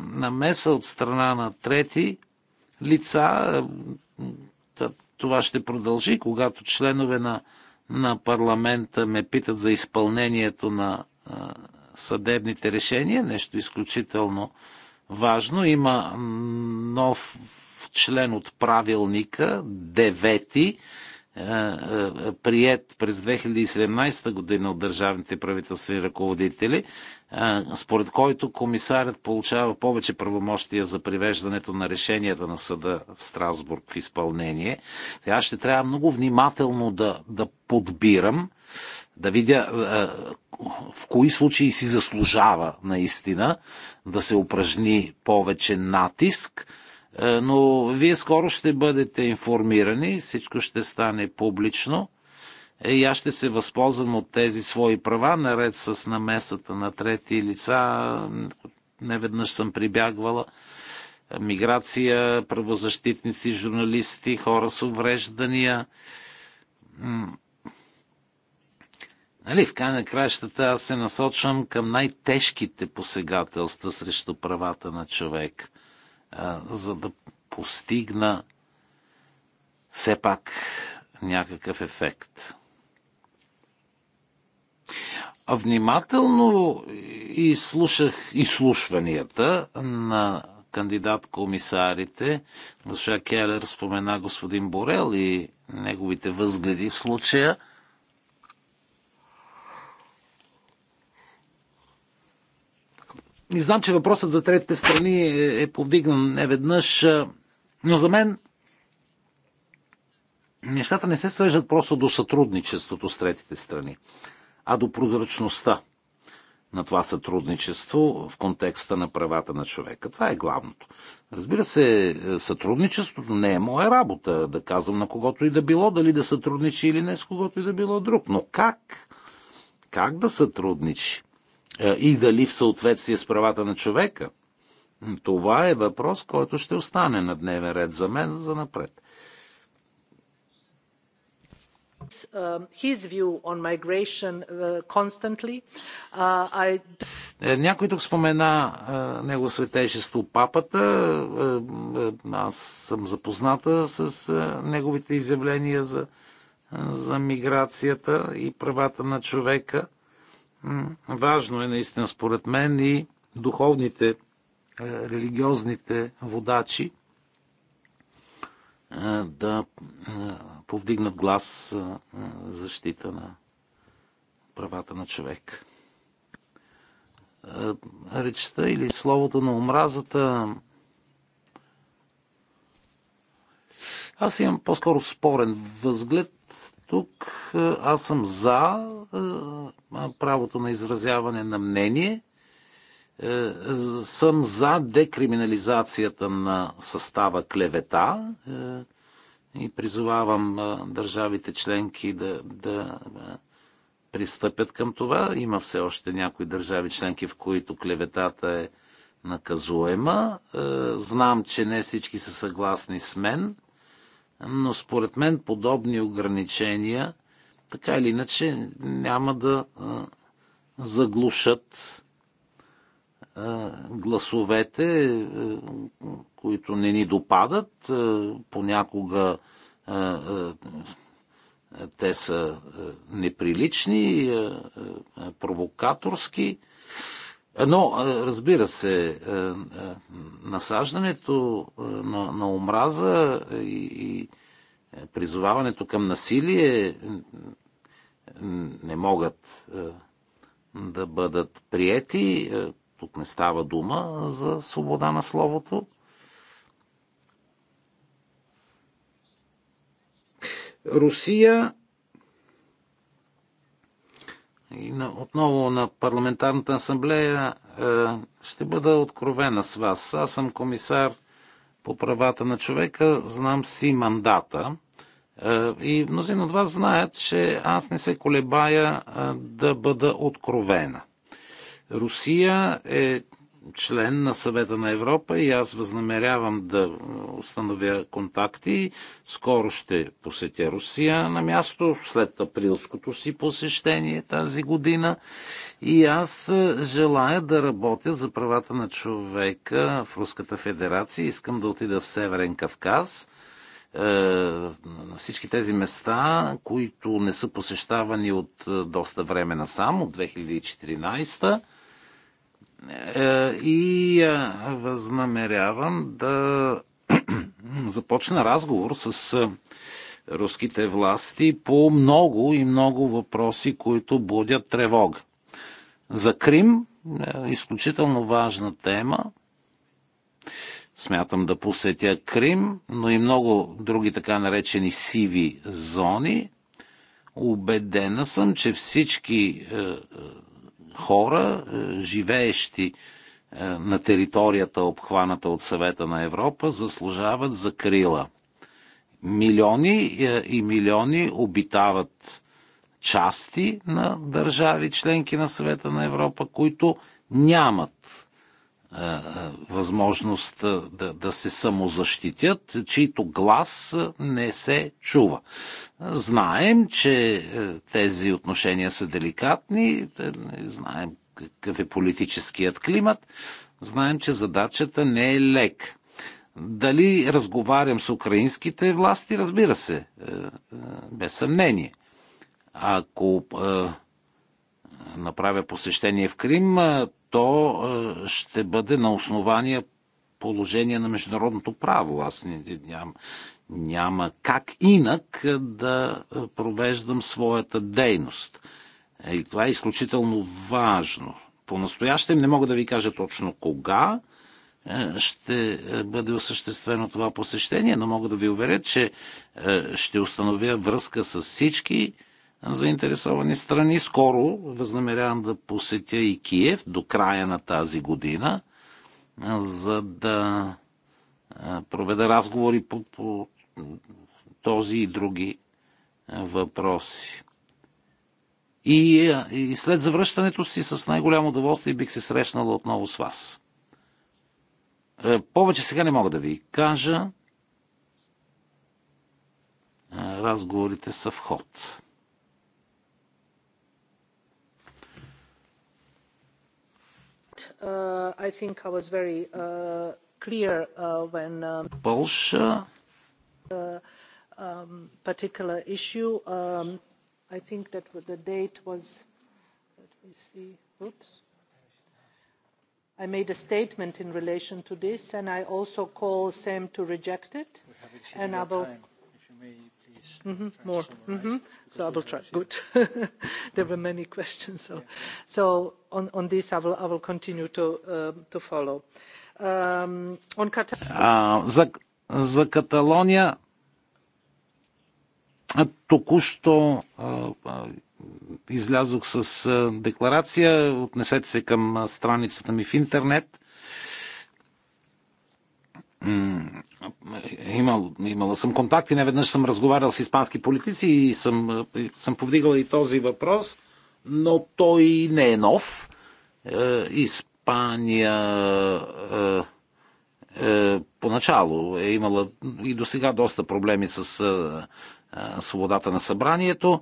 намеса от страна на трети лица. това ще продължи, когато членове на, на парламента ме питат за изпълнението на съдебните решения, нещо изключително важно. Има нов член от правилника, девети, е, е, прият през 2017 година от държавните правителствени ръководители, е, според който комисарят получава повече правомощия за привеждането на решенията на съда в Страсбург в изпълнение. Сега ще трябва много внимателно да, да подбирам да видя в кои случаи си заслужава наистина да се упражни повече натиск, но вие скоро ще бъдете информирани, всичко ще стане публично е, и аз ще се възползвам от тези свои права, наред с намесата на трети лица. Неведнъж съм прибягвала миграция, правозащитници, журналисти, хора с увреждания Нали, в край на кращата аз се насочвам към най-тежките посегателства срещу правата на човек, а, за да постигна все пак някакъв ефект. А внимателно и слушах изслушванията на кандидат-комисарите. Госпожа Келер спомена господин Борел и неговите възгледи в случая – И знам, че въпросът за третите страни е, е повдигнан неведнъж, но за мен нещата не се свеждат просто до сътрудничеството с третите страни, а до прозрачността на това сътрудничество в контекста на правата на човека. Това е главното. Разбира се, сътрудничеството не е моя работа да казвам на когото и да било, дали да сътрудничи или не с когото и да било друг. Но как? Как да сътрудничи? Е, и дали в съответствие с правата на човека? Това е въпрос, който ще остане на дневен ред за мен за напред. Um, uh, uh, е, някой тук спомена е, Него светейшество папата. Аз съм запозната с неговите изявления за, за миграцията и правата на човека. Важно е наистина според мен и духовните, е, религиозните водачи е, да е, повдигнат глас защита на правата на човек. Речта или словото на омразата аз имам по-скоро спорен възглед тук е, аз съм за е, правото на изразяване на мнение. Е, съм за декриминализацията на състава клевета и призовавам държавите членки да, да пристъпят към това. Има все още някои държави членки, в които клеветата е наказуема. Знам, че не всички са съгласни с мен – но според мен подобни ограничения така или иначе няма да заглушат гласовете, които не ни допадат. Понякога те са неприлични, провокаторски. Но, е, разбира се, е, е, насаждането на, на омраза и, и призоваването към насилие не могат да бъдат приети. Тук не става дума за свобода на словото. Русия и на, отново на парламентарната асамблея е, ще бъда откровена с вас. Аз съм комисар по правата на човека, знам си мандата. Е, и мнозин от вас знаят, че аз не се колебая е, да бъда откровена. Русия е член на съвета на Европа и аз възнамерявам да установя контакти. Скоро ще посетя Русия на място, след априлското си посещение тази година. И аз е, желая да работя за правата на човека в Руската федерация. Искам да отида в Северен Кавказ е, на всички тези места, които не са посещавани от е, доста време насам, от 2014 е, и е, възнамерявам да започна разговор с е, руските власти по много и много въпроси, които будят тревога. За Крим, изключително важна тема, смятам да посетя Крим, но и много други така наречени сиви зони. Убедена съм, че всички хора, е, живеещи е, на територията, обхваната от съвета на Европа, заслужават закрила. Милиони е, и милиони обитават части на държави, членки на съвета на Европа, които нямат е, е, възможност е, да, да се самозащитят, чието глас не се чува. Знаем, че тези отношения са деликатни, знаем какъв е политическият климат, знаем, че задачата не е лек. Дали разговарям с украинските власти, разбира се, без съмнение. Ако направя посещение в Крим, то ще бъде на основание положение на международното право. Аз нямам, няма как инак да провеждам своята дейност. Е, и това е изключително важно. По-настоящем не мога да ви кажа точно кога ще бъде осъществено това посещение, но мога да ви уверя, че ще установя връзка с всички заинтересовани страни. Скоро възнамерявам да посетя и Киев до края на тази година, за да проведа разговори по, по този и други въпроси. И, и след завръщането си с най-голямо удоволствие бих се срещнал отново с вас. Е, повече сега не мога да ви кажа. Е, разговорите са в ход. I think I was very clear when um particular issue. I think that the date was let me see. Oops. I made a statement in relation to this, and I also call Sam to reject it. and I will please. Mm-hmm. More. Mm-hmm. So I will try. Good. there were many questions. So, yeah. so on, on this, I will, I will continue to, uh, to follow. Um, on Catal- uh, за, за Каталония току-що uh, излязох с uh, декларация. Отнесете се към uh, страницата ми в интернет имал, имала съм контакти, неведнъж съм разговарял с испански политици и съм, съм повдигал и този въпрос, но той не е нов. Е, Испания е, е, поначало е имала и до сега доста проблеми с свободата на събранието.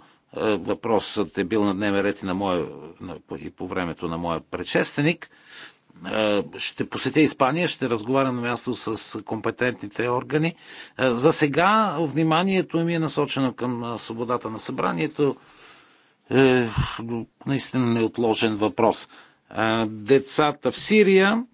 Въпросът е бил на дневен ред и, на мое, и по времето на моя предшественик – ще посетя Испания, ще разговарям на място с компетентните органи. За сега вниманието ми е насочено към свободата на събранието. Е, наистина неотложен въпрос. Децата в Сирия.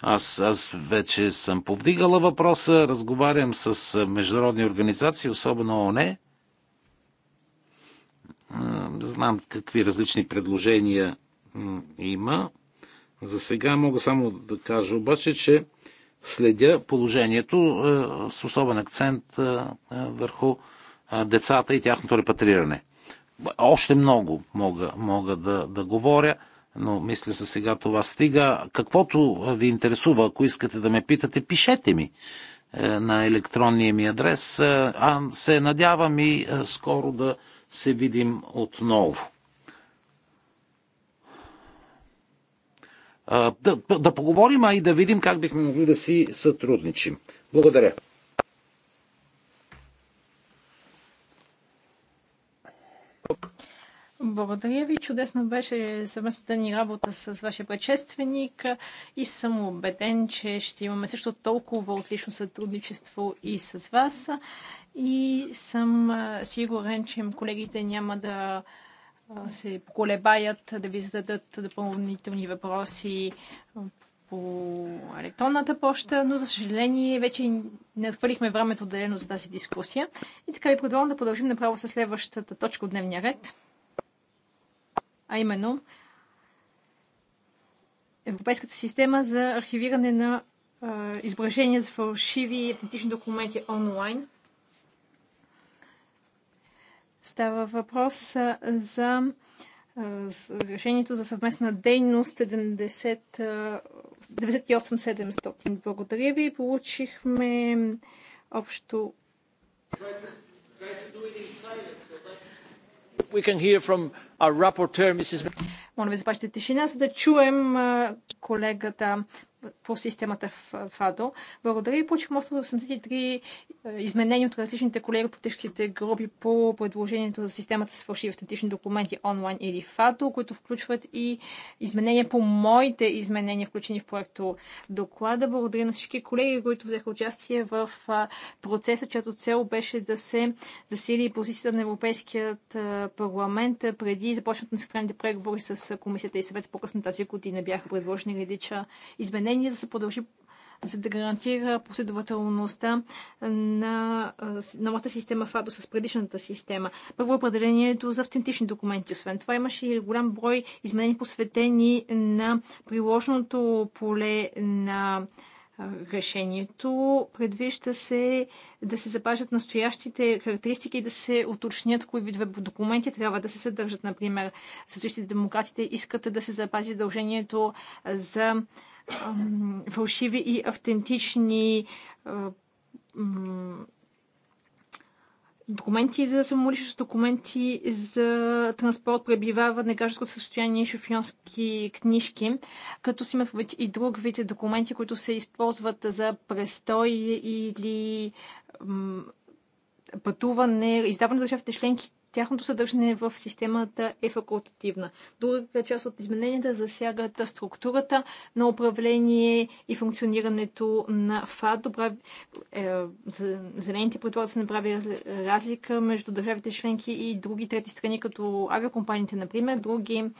Аз, аз вече съм повдигала въпроса, разговарям с международни организации, особено ОНЕ Знам какви различни предложения има. За сега мога само да кажа обаче, че следя положението е, с особен акцент е, е, върху децата и тяхното репатриране. Още много мога, мога да, да говоря, но мисля за сега това стига. Каквото ви интересува, ако искате да ме питате, пишете ми на електронния ми адрес. А се надявам и скоро да се видим отново. да, да поговорим, а и да видим как бихме могли да си сътрудничим. Благодаря. Благодаря ви. Чудесно беше съвместната ни работа с вашия предшественик и съм убеден, че ще имаме също толкова отлично сътрудничество и с вас и съм сигурен, че колегите няма да се поколебаят да ви зададат допълнителни въпроси по електронната почта, но за съжаление вече не отхвърлихме времето отделено за тази дискусия. И така ви предлагам да продължим направо с следващата точка от дневния ред, а именно Европейската система за архивиране на изображения за фалшиви и автентични документи онлайн. Става въпрос за решението за съвместна дейност 70, 98-700. Благодаря ви. Получихме общо. Моля ви, запазите тишина, за да чуем колегата по системата в ФАДО. Благодаря и получихме 83 е, изменения от различните колеги по тежките групи по предложението за системата с фалшиви автентични документи онлайн или ФАДО, които включват и изменения по моите изменения, включени в проекто доклада. Благодаря на всички колеги, които взеха участие в процеса, чиято цел беше да се засили позицията на Европейският парламент преди започнат на страните преговори с комисията и съвет по-късно тази година бяха предложени редича изменения изменения, за да се продължи за да гарантира последователността на новата система ФАДО с предишната система. Първо определението за автентични документи. Освен това имаше и голям брой изменени посветени на приложното поле на решението. Предвижда се да се запазят настоящите характеристики и да се уточнят кои видове документи трябва да се съдържат. Например, състоящите демократите искат да се запази дължението за фалшиви и автентични документи за самоличност, документи за транспорт, пребиваване, гражданско състояние и шофьорски книжки, като си има и друг вид документи, които се използват за престой или пътуване, издаване на държавите членки тяхното съдържане в системата е факултативна. Друга част от измененията засягат структурата на управление и функционирането на ФАД. Е, зелените предлагат да се направи разлика между държавите членки и други трети страни, като авиакомпаниите, например. Други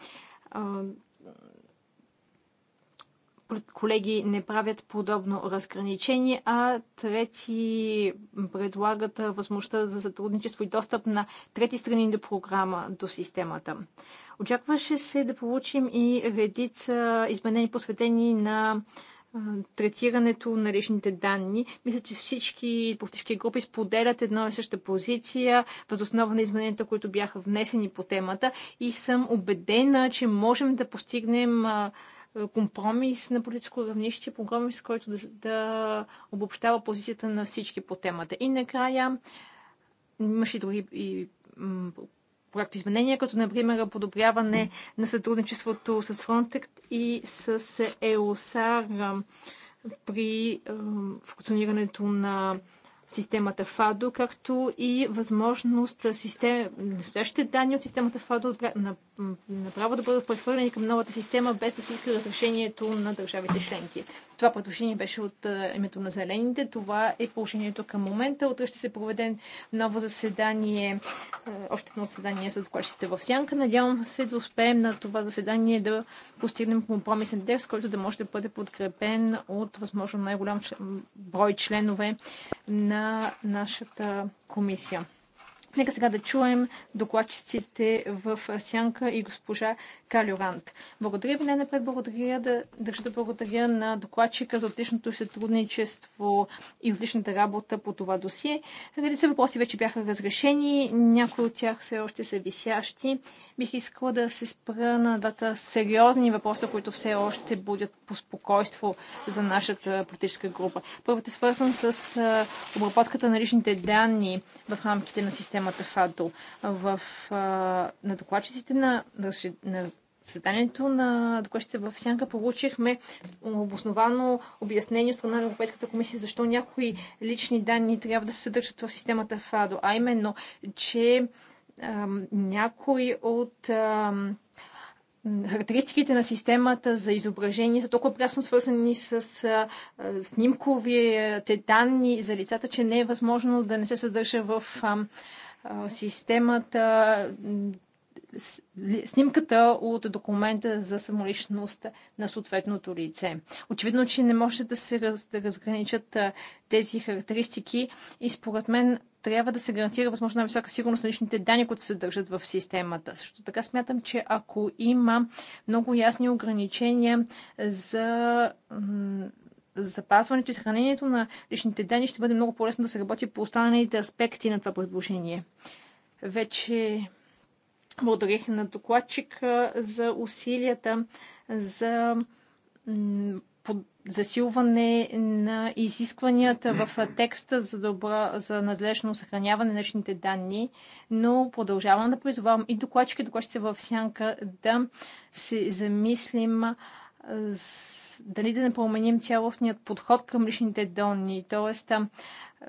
колеги не правят подобно разграничение, а трети предлагат възможността за сътрудничество и достъп на трети страни до програма, до системата. Очакваше се да получим и редица изменени посветени на третирането на личните данни. Мисля, че всички политически групи споделят едно и съща позиция, възоснова на измененията, които бяха внесени по темата и съм убедена, че можем да постигнем компромис на политическо равнище, компромис, който да, да обобщава позицията на всички по темата. И накрая имаше и други и, проекто изменения, като например подобряване на сътрудничеството с Frontex и с EOSAR при функционирането на системата ФАДО, както и възможност систем... настоящите данни от системата ФАДО направо да бъдат прехвърлени към новата система, без да се иска разрешението на държавите членки. Това предложение беше от името на зелените. Това е положението към момента. Утре ще се проведе ново заседание, още едно заседание за докладчиците в Сянка. Надявам се да успеем на това заседание да постигнем компромисен текст, който да може да бъде подкрепен от възможно най-голям брой членове на нашата комисия. Нека сега да чуем докладчиците в Сянка и госпожа Калюрант. Благодаря ви най-напред, благодаря да държа да благодаря на докладчика за отличното сътрудничество и отличната работа по това досие. Редица въпроси вече бяха разрешени, някои от тях все още са висящи. Бих искала да се спра на двата сериозни въпроса, които все още будят спокойство за нашата политическа група. Първата е свързан с обработката на личните данни в рамките на системата ФАДО. В, на докладчиците на, на заседанието на докъщите в Сянка получихме обосновано обяснение от страна на Европейската комисия защо някои лични данни трябва да се съдържат в системата ФАДО, а именно, че ам, някои от ам, характеристиките на системата за изображение са толкова прясно свързани с а, снимковите данни за лицата, че не е възможно да не се съдържа в а, системата снимката от документа за самоличност на съответното лице. Очевидно, че не може да се раз, да разграничат тези характеристики и според мен трябва да се гарантира възможно най-висока сигурност на личните данни, които се държат в системата. Също така смятам, че ако има много ясни ограничения за запазването и съхранението на личните данни, ще бъде много по-лесно да се работи по останалите аспекти на това предложение. Вече Благодарих на докладчика за усилията за засилване на изискванията в текста за, добра, за надлежно съхраняване на личните данни, но продължавам да призовавам и докладчика, докладчите в сянка да се замислим дали да не променим цялостният подход към личните данни, т.е.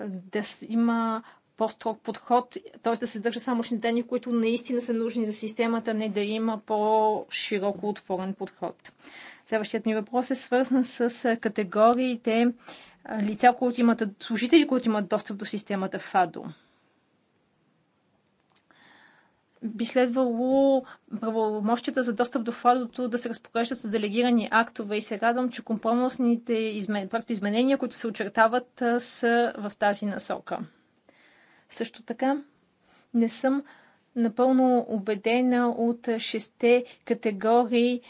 да има по-строг подход, т.е. да се държа само данни, които наистина са нужни за системата, не да има по-широко отворен подход. Следващият ми въпрос е свързан с категориите лица, които имат, служители, които имат достъп до системата ФАДО би следвало правомощията за достъп до фадото да се разпореждат с делегирани актове и се радвам, че компромисните измен... които се очертават, са в тази насока. Също така не съм напълно убедена от шесте категории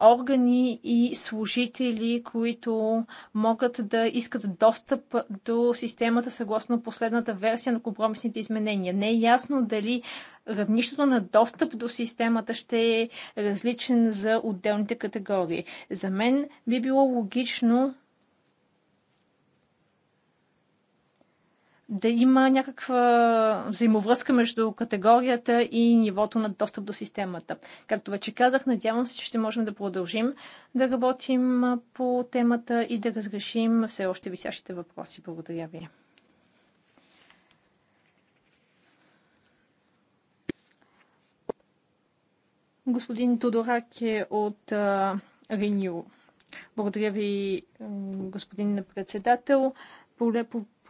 органи и служители, които могат да искат достъп до системата съгласно последната версия на компромисните изменения. Не е ясно дали равнището на достъп до системата ще е различен за отделните категории. За мен би било логично да има някаква взаимовръзка между категорията и нивото на достъп до системата. Както вече казах, надявам се, че ще можем да продължим да работим по темата и да разрешим все още висящите въпроси. Благодаря ви. Господин Тодорак е от Реню. Благодаря ви, господин председател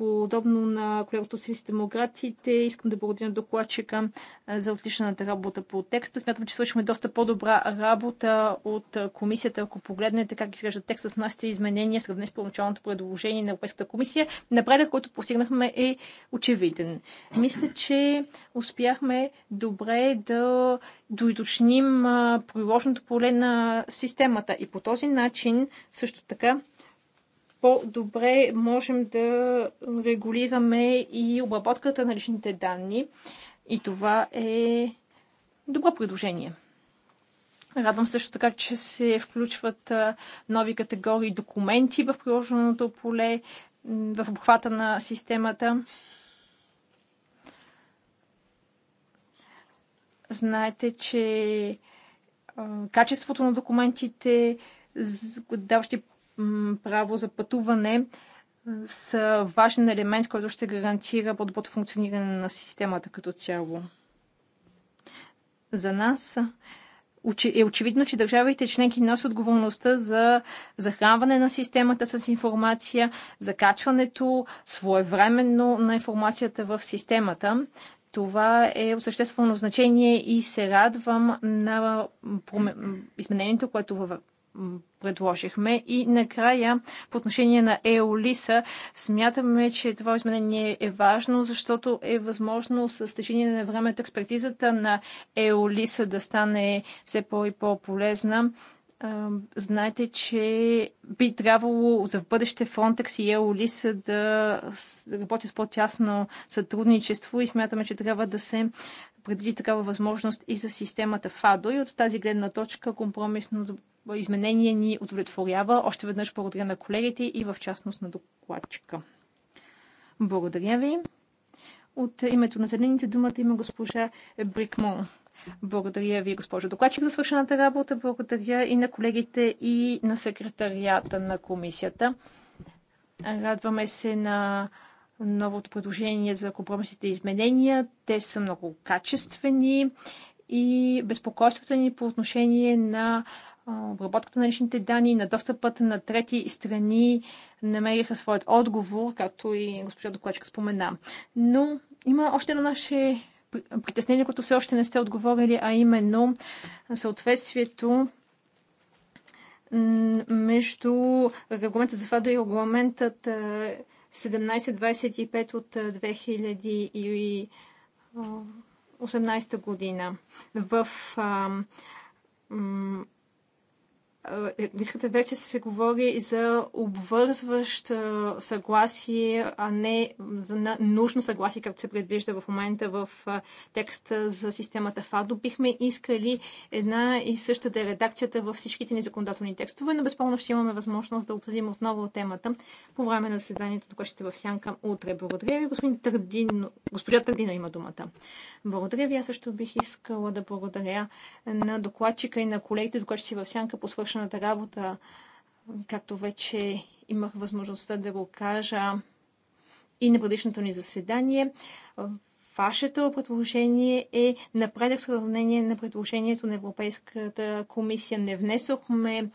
подобно на колегото с демократите, искам да благодаря на докладчика за отличната работа по текста. Смятам, че свършихме доста по-добра работа от комисията. Ако погледнете как изглежда текста с нашите изменения, сравнен с първоначалното предложение на Европейската комисия, напредък, който постигнахме е очевиден. Мисля, че успяхме добре да доиточним приложното поле на системата и по този начин също така по-добре можем да регулираме и обработката на личните данни. И това е добро предложение. Радвам също така, че се включват нови категории документи в приложеното поле, в обхвата на системата. Знаете, че качеството на документите, даващи право за пътуване са важен елемент, който ще гарантира по-доброто функциониране на системата като цяло. За нас е, е очевидно, че държавите членки носят отговорността за захранване на системата с информация, закачването своевременно на информацията в системата. Това е от съществено значение и се радвам на изменението, което предложихме. И накрая, по отношение на Еолиса, смятаме, че това изменение е важно, защото е възможно с течение на времето експертизата на Еолиса да стане все по- и по-полезна. Знаете, че би трябвало за в бъдеще Frontex и Еолис да работят с по-тясно сътрудничество и смятаме, че трябва да се предвиди такава възможност и за системата ФАДО. И от тази гледна точка компромисното изменение ни удовлетворява. Още веднъж благодаря на колегите и в частност на докладчика. Благодаря ви. От името на Зелените думата има госпожа Брикмон. Благодаря ви, госпожо докладчик, за свършената работа. Благодаря и на колегите и на секретарията на комисията. Радваме се на новото предложение за компромисните изменения. Те са много качествени и безпокойствата ни по отношение на обработката на личните данни, на достъпът на трети страни намериха своят отговор, както и госпожа докладчика спомена. Но има още едно наше притеснение, което все още не сте отговорили, а именно съответствието между регламента за ФАДО и регламентът 1725 от 2018 година. В Диската е, вече се говори и за обвързващо съгласие, а не за нужно съгласие, както се предвижда в момента в текста за системата ФАДО. Бихме искали една и съща да е редакцията във всичките ни законодателни текстове, но безпълно ще имаме възможност да обсъдим отново темата по време на заседанието, до което ще в Сянка утре. Благодаря ви, господин Търдин. Госпожа Търдина има думата. Благодаря ви. Аз също бих искала да благодаря на докладчика и на колегите, докладчици в Сянка по свърш свършената работа, както вече имах възможността да го кажа и на предишното ни заседание. Вашето предложение е напредък в сравнение на предложението на Европейската комисия. Не внесохме е,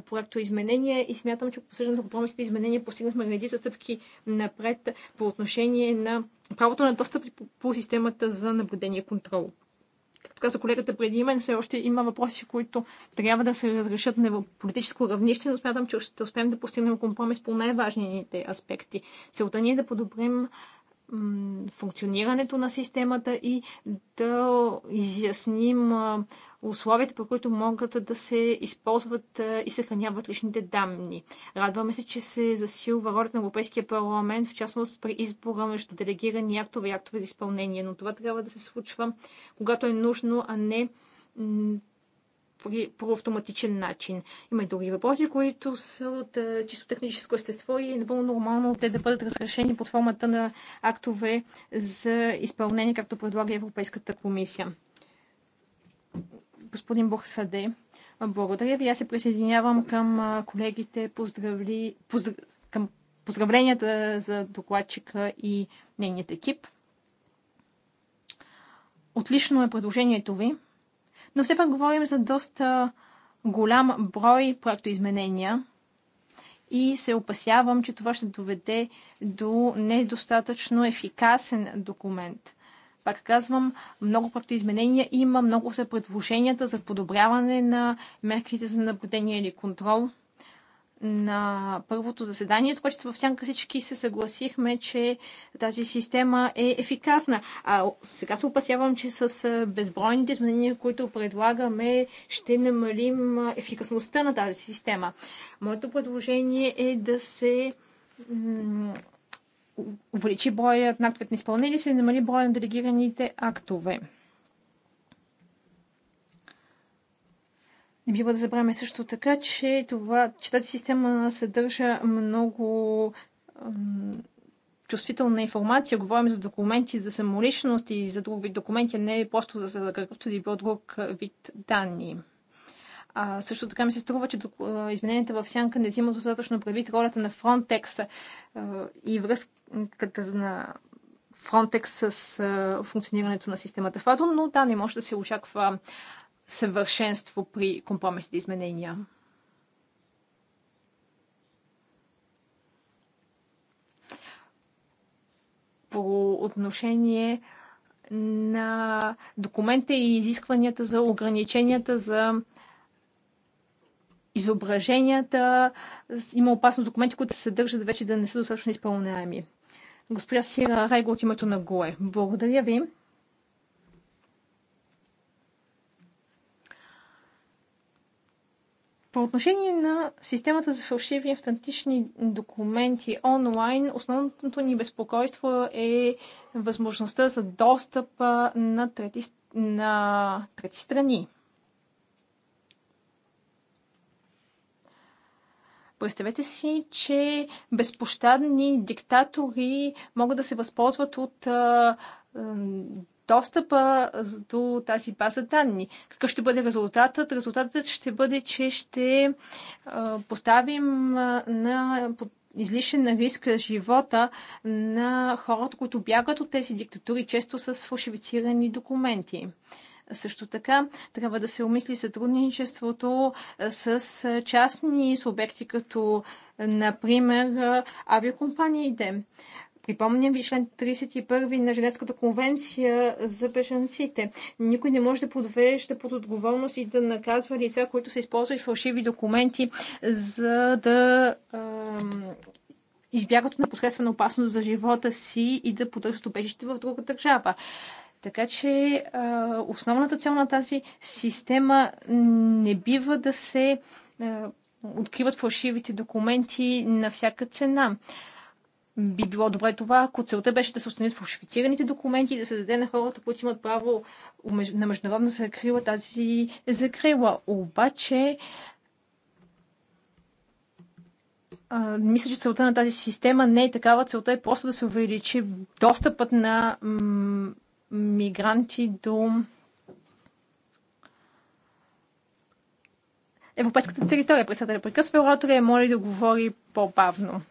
проекто изменения и смятам, че по обсъждането на изменения постигнахме редица стъпки напред по отношение на правото на достъп по системата за наблюдение и контрол както каза колегата преди мен, все още има въпроси, които трябва да се разрешат на политическо равнище, но смятам, че ще успеем да постигнем компромис по най-важните аспекти. Целта ни е да подобрим функционирането на системата и да изясним условията, по които могат да се използват е, и съхраняват личните данни. Радваме се, че се засилва ролята на Европейския парламент, в частност при избора между делегирани актове и актове за изпълнение. Но това трябва да се случва, когато е нужно, а не по автоматичен начин. Има и други въпроси, които са от е, чисто техническо естество и е напълно нормално те да бъдат разрешени под формата на актове за изпълнение, както предлага Европейската комисия господин Борсаде. Благодаря ви. Аз се присъединявам към колегите, поздравли, поздрав, към поздравленията за докладчика и нейният екип. Отлично е предложението ви, но все пак говорим за доста голям брой проектоизменения и се опасявам, че това ще доведе до недостатъчно ефикасен документ. Пак казвам, много пъти изменения има, много са предложенията за подобряване на мерките за наблюдение или контрол. На първото заседание, с което във сянка всички се съгласихме, че тази система е ефикасна. А сега се опасявам, че с безбройните изменения, които предлагаме, ще намалим ефикасността на тази система. Моето предложение е да се увеличи броят на актовете на изпълнение, се намали броя на делегираните актове. Не бива да забравяме също така, че, това, че тази система съдържа много чувствителна информация. Говорим за документи за самоличност и за друг вид документи, а не просто за, какъвто да било друг вид данни. А, също така ми се струва, че измененията в сянка не взимат достатъчно предвид ролята на Frontex и връзка на Фронтекс с функционирането на системата ФАДО, но да, не може да се очаква съвършенство при компромисните изменения. По отношение на документа и изискванията за ограниченията за изображенията. Има опасност документи, които се съдържат вече да не са достатъчно изпълняеми. Госпожа Сира Райго от името на ГОЕ. Благодаря ви. По отношение на системата за фалшиви автентични документи онлайн, основното ни безпокойство е възможността за достъп на трети, на трети страни. Представете си, че безпощадни диктатори могат да се възползват от а, а, достъпа до тази база данни. Какъв ще бъде резултатът? Резултатът ще бъде, че ще а, поставим на излишен на риск живота на хората, които бягат от тези диктатури, често с фалшифицирани документи. Също така трябва да се умисли сътрудничеството с частни субекти, като например авиакомпаниите. Припомням ви член 31 на Женевската конвенция за бежанците. Никой не може да подвежда под отговорност и да наказва лица, които са използват фалшиви документи, за да избягат от непосредствена опасност за живота си и да потърсят убежище в друга държава. Така че основната цел на тази система не бива да се откриват фалшивите документи на всяка цена. Би било добре това, ако целта беше да се установят фалшифицираните документи и да се даде на хората, които имат право на международна закрила, тази закрила. Обаче, а, мисля, че целта на тази система не е такава. Целта е просто да се увеличи достъпът на мигранти до европейската територия. Председателя прекъсва оратора и моли да говори по-бавно.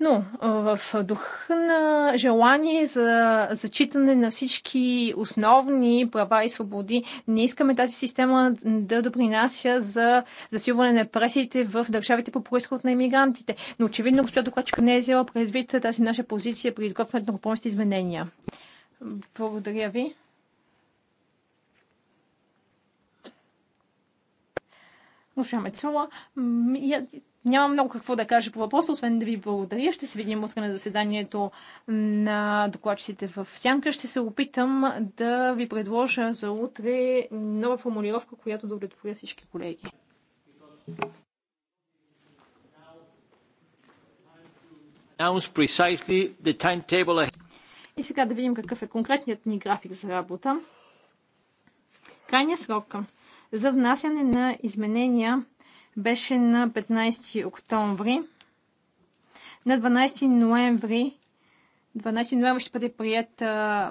Но в дух на желание за зачитане на всички основни права и свободи, не искаме тази система да допринася за засилване на пресите в държавите по происход на иммигрантите. Но очевидно госпожа докладчика не е взела предвид тази наша позиция при изготвянето на компромисните изменения. Благодаря ви. Госпожа Мецела, няма много какво да кажа по въпроса, освен да ви благодаря. Ще се видим утре на заседанието на докладчиците в Сянка. Ще се опитам да ви предложа за утре нова формулировка, която да удовлетворя всички колеги. И сега да видим какъв е конкретният ни график за работа. Крайният срок за внасяне на изменения беше на 15 октомври. На 12 ноември 12 ноември ще бъде прият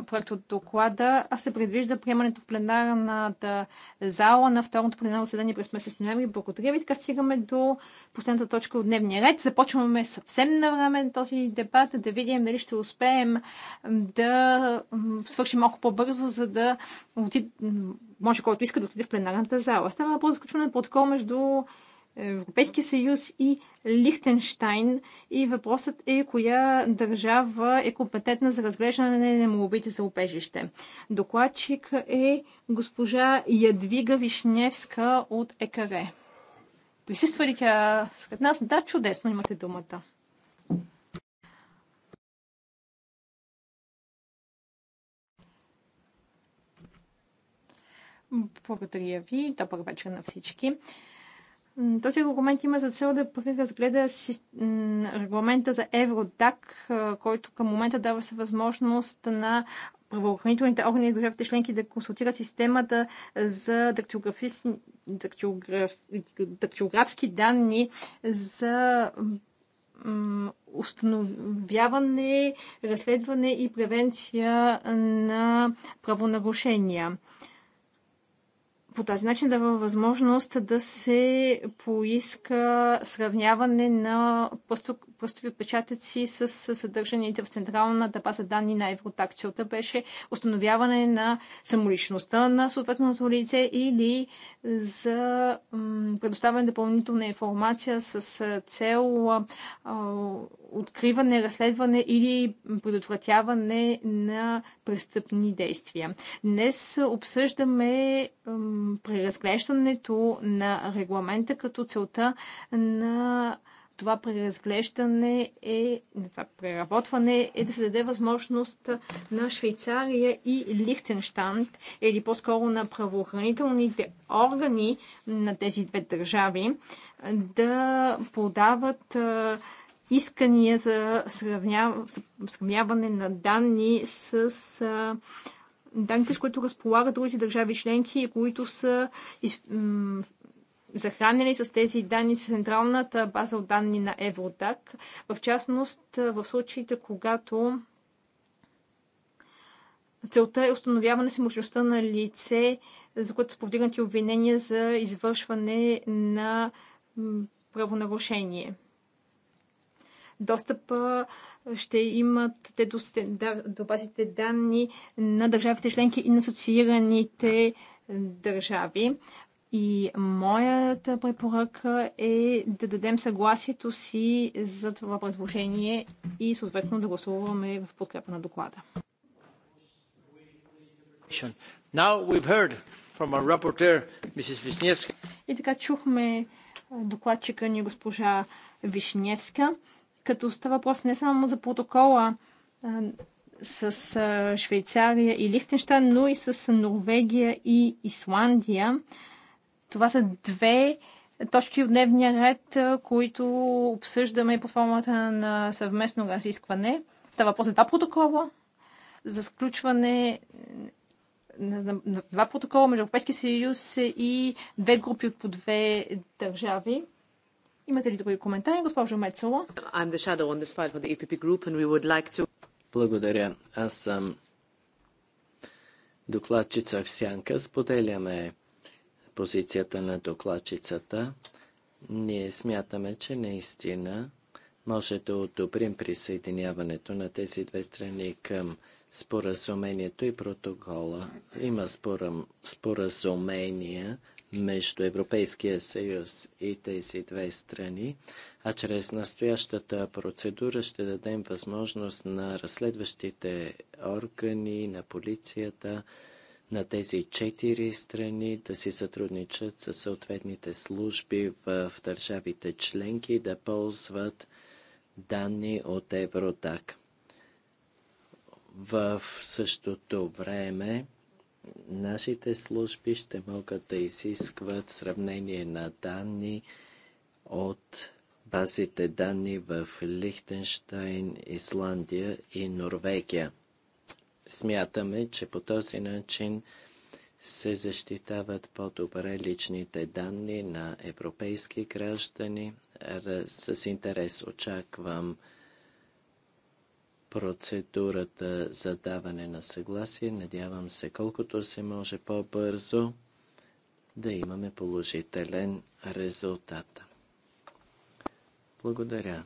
проект от доклада, а се предвижда приемането в пленарната зала на второто пленарно заседание през месец ноември. Благодаря ви. Така стигаме до последната точка от дневния ред. Започваме съвсем на време този дебат, да видим дали ще успеем да свършим малко по-бързо, за да отид... може който иска да отиде в пленарната зала. Става въпрос за протокол между Европейския съюз и Лихтенштайн. И въпросът е коя държава е компетентна за разглеждане на молбите за убежище. Докладчик е госпожа Ядвига Вишневска от ЕКР. Присъства ли тя сред нас? Да, чудесно имате думата. Благодаря ви. Добър вечер на всички. Този регламент има за цел да преразгледа регламента за Евродак, който към момента дава се възможност на правоохранителните органи и държавите членки да консултират системата за дактилографски данни за установяване, разследване и превенция на правонарушения по тази начин дава възможност да се поиска сравняване на пръстови отпечатъци с съдържаните в централната база данни на Евротак. Целта беше установяване на самоличността на съответното лице или за предоставяне допълнителна информация с цел откриване, разследване или предотвратяване на престъпни действия. Днес обсъждаме преразглеждането на регламента като целта на това преразглеждане е, това преработване е да се даде възможност на Швейцария и Лихтенштант, или по-скоро на правоохранителните органи на тези две държави, да подават искания за сравняване на данни с данните, с които разполагат другите държави членки, които са захранени с тези данни централната база от данни на Евротак, в частност в случаите, когато целта е установяване мощността на лице, за което са повдигнати обвинения за извършване на правонарушение. Достъпа ще имат те до, до базите данни на държавите членки и на асоциираните държави. И моята препоръка е да дадем съгласието си за това предложение и съответно да гласуваме в подкрепа на доклада. и така чухме докладчика ни госпожа Вишневска, като става въпрос не само за протокола с Швейцария и Лихтенщайн, но и с Норвегия и Исландия. Това са две точки от дневния ред, които обсъждаме под формата на съвместно разискване. Става после два протокола за сключване на два протокола между Европейския съюз и две групи от по две държави. Имате ли други коментари, госпожо Мецола? I'm the shadow on this file for the EPP group and we would like to... Благодаря. Аз съм докладчица в Сянка. Споделяме позицията на докладчицата. Ние смятаме, че наистина може да одобрим присъединяването на тези две страни към споразумението и протокола. Има споразумения между Европейския съюз и тези две страни, а чрез настоящата процедура ще дадем възможност на разследващите органи, на полицията, на тези четири страни да си сътрудничат с съответните служби в държавите членки да ползват данни от Евродак. В същото време нашите служби ще могат да изискват сравнение на данни от базите данни в Лихтенштайн, Исландия и Норвегия. Смятаме, че по този начин се защитават по-добре личните данни на европейски граждани. С интерес очаквам процедурата за даване на съгласие. Надявам се колкото се може по-бързо да имаме положителен резултат. Благодаря.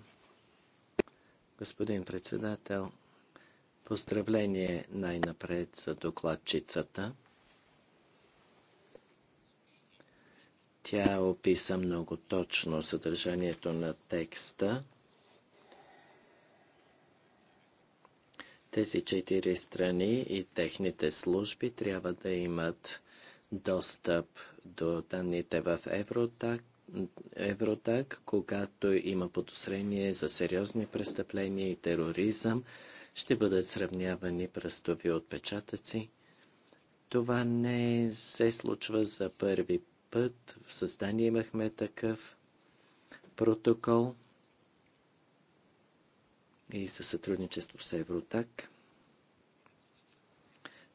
Господин председател, Поздравление най-напред за докладчицата. Тя описа много точно съдържанието на текста. Тези четири страни и техните служби трябва да имат достъп до данните в Евротак, Евротак, когато има подозрение за сериозни престъпления и тероризъм ще бъдат сравнявани пръстови отпечатъци. Това не се случва за първи път. В създание имахме такъв протокол и за сътрудничество с Евротак.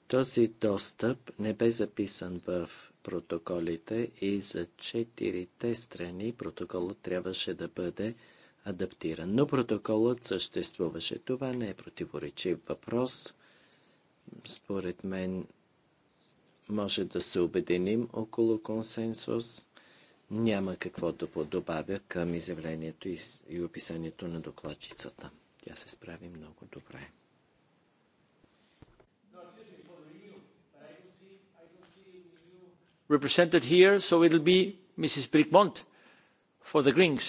Този достъп не бе записан в протоколите и за четирите страни протоколът трябваше да бъде адаптиран, но протоколът съществуваше. Това не е противоречив въпрос. Според мен може да се обединим около консенсус. Няма какво да подобавя към изявлението и описанието на докладчицата. Тя се справи много добре. represented here, so it'll be Mrs. Brickmont for the Greens.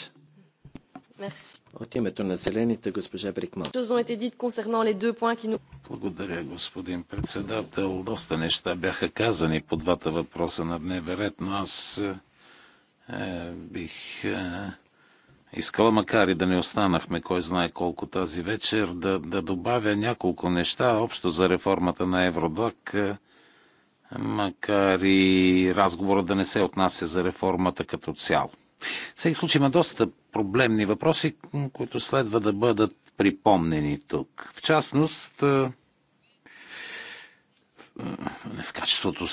От името на зелените, госпожа Брикман. Благодаря, господин председател. Доста неща бяха казани по двата въпроса на дневен ред, но аз е, бих е, искала, макар и да не останахме, кой знае колко тази вечер, да, да добавя няколко неща общо за реформата на Евродлак. Е, макар и разговора да не се отнася за реформата като цяло всеки случай има доста проблемни въпроси, които следва да бъдат припомнени тук. В частност, в качеството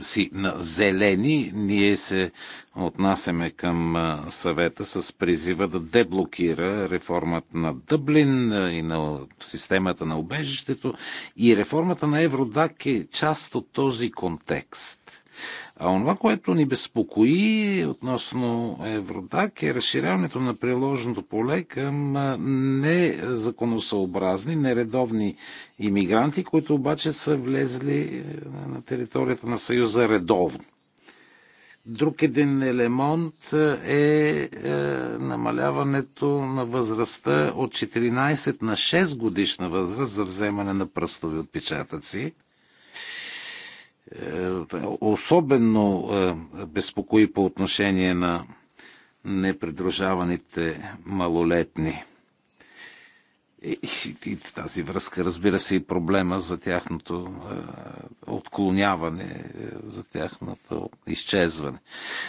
си на зелени, ние се отнасяме към съвета с призива да деблокира реформата на Дъблин и на системата на убежището. И реформата на Евродак е част от този контекст. А онова, което ни безпокои относно Евродак е разширяването на приложното поле към незаконосъобразни, нередовни иммигранти, които обаче са влезли е, на територията на Съюза редовно. Друг един елемент е, е намаляването на възрастта от 14 на 6 годишна възраст за вземане на пръстови отпечатъци е, особено е, безпокои по отношение на непридружаваните малолетни. И, и в тази връзка, разбира се, и проблема за тяхното е, отклоняване, е, за тяхното изчезване.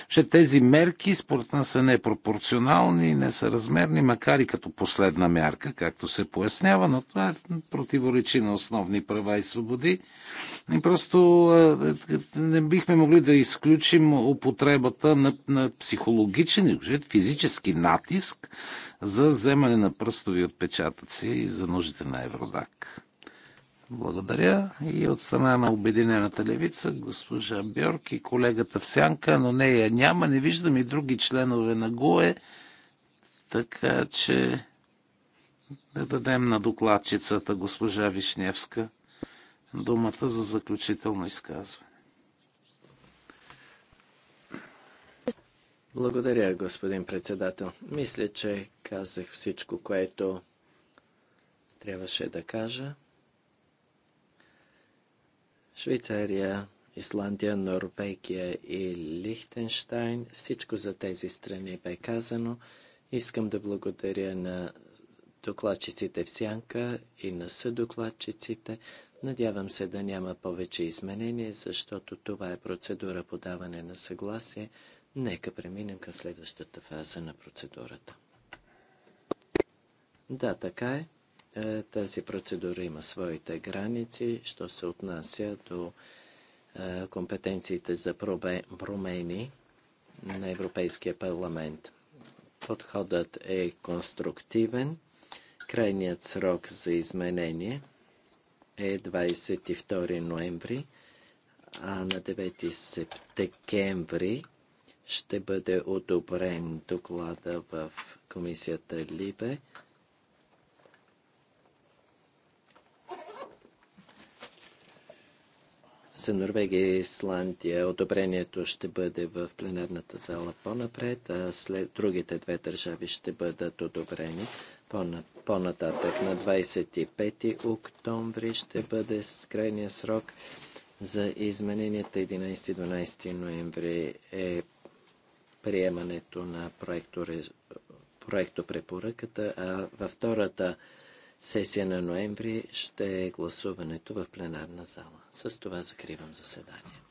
Ще тези мерки, според нас, са непропорционални, несъразмерни, макар и като последна мярка, както се пояснява, но това е противоречи на основни права и свободи и просто е, е, не бихме могли да изключим употребата на, на психологичен и физически натиск за вземане на пръстови отпечатъци за нуждите на Евродак. Благодаря. И от страна на Обединената левица, госпожа Бьорк и колегата Всянка, но не я няма. Не виждам и други членове на ГУЕ. Така че да дадем на докладчицата госпожа Вишневска думата за заключително изказване. Благодаря, господин председател. Мисля, че казах всичко, което трябваше да кажа. Швейцария, Исландия, Норвегия и Лихтенштайн. Всичко за тези страни бе казано. Искам да благодаря на докладчиците в сянка и на съдокладчиците. Надявам се да няма повече изменения, защото това е процедура по даване на съгласие. Нека преминем към следващата фаза на процедурата. Да, така е. е тази процедура има своите граници, що се отнася до е, компетенциите за промени на Европейския парламент. Подходът е конструктивен Крайният срок за изменение е 22 ноември, а на 9 декември ще бъде одобрен доклада в комисията Либе. За Норвегия и Исландия одобрението ще бъде в пленарната зала по-напред, а след другите две държави ще бъдат одобрени. По-нататък на 25 октомври ще бъде крайния срок за измененията 11-12 ноември е приемането на проекто, проекто препоръката, а във втората сесия на ноември ще е гласуването в пленарна зала. С това закривам заседанието.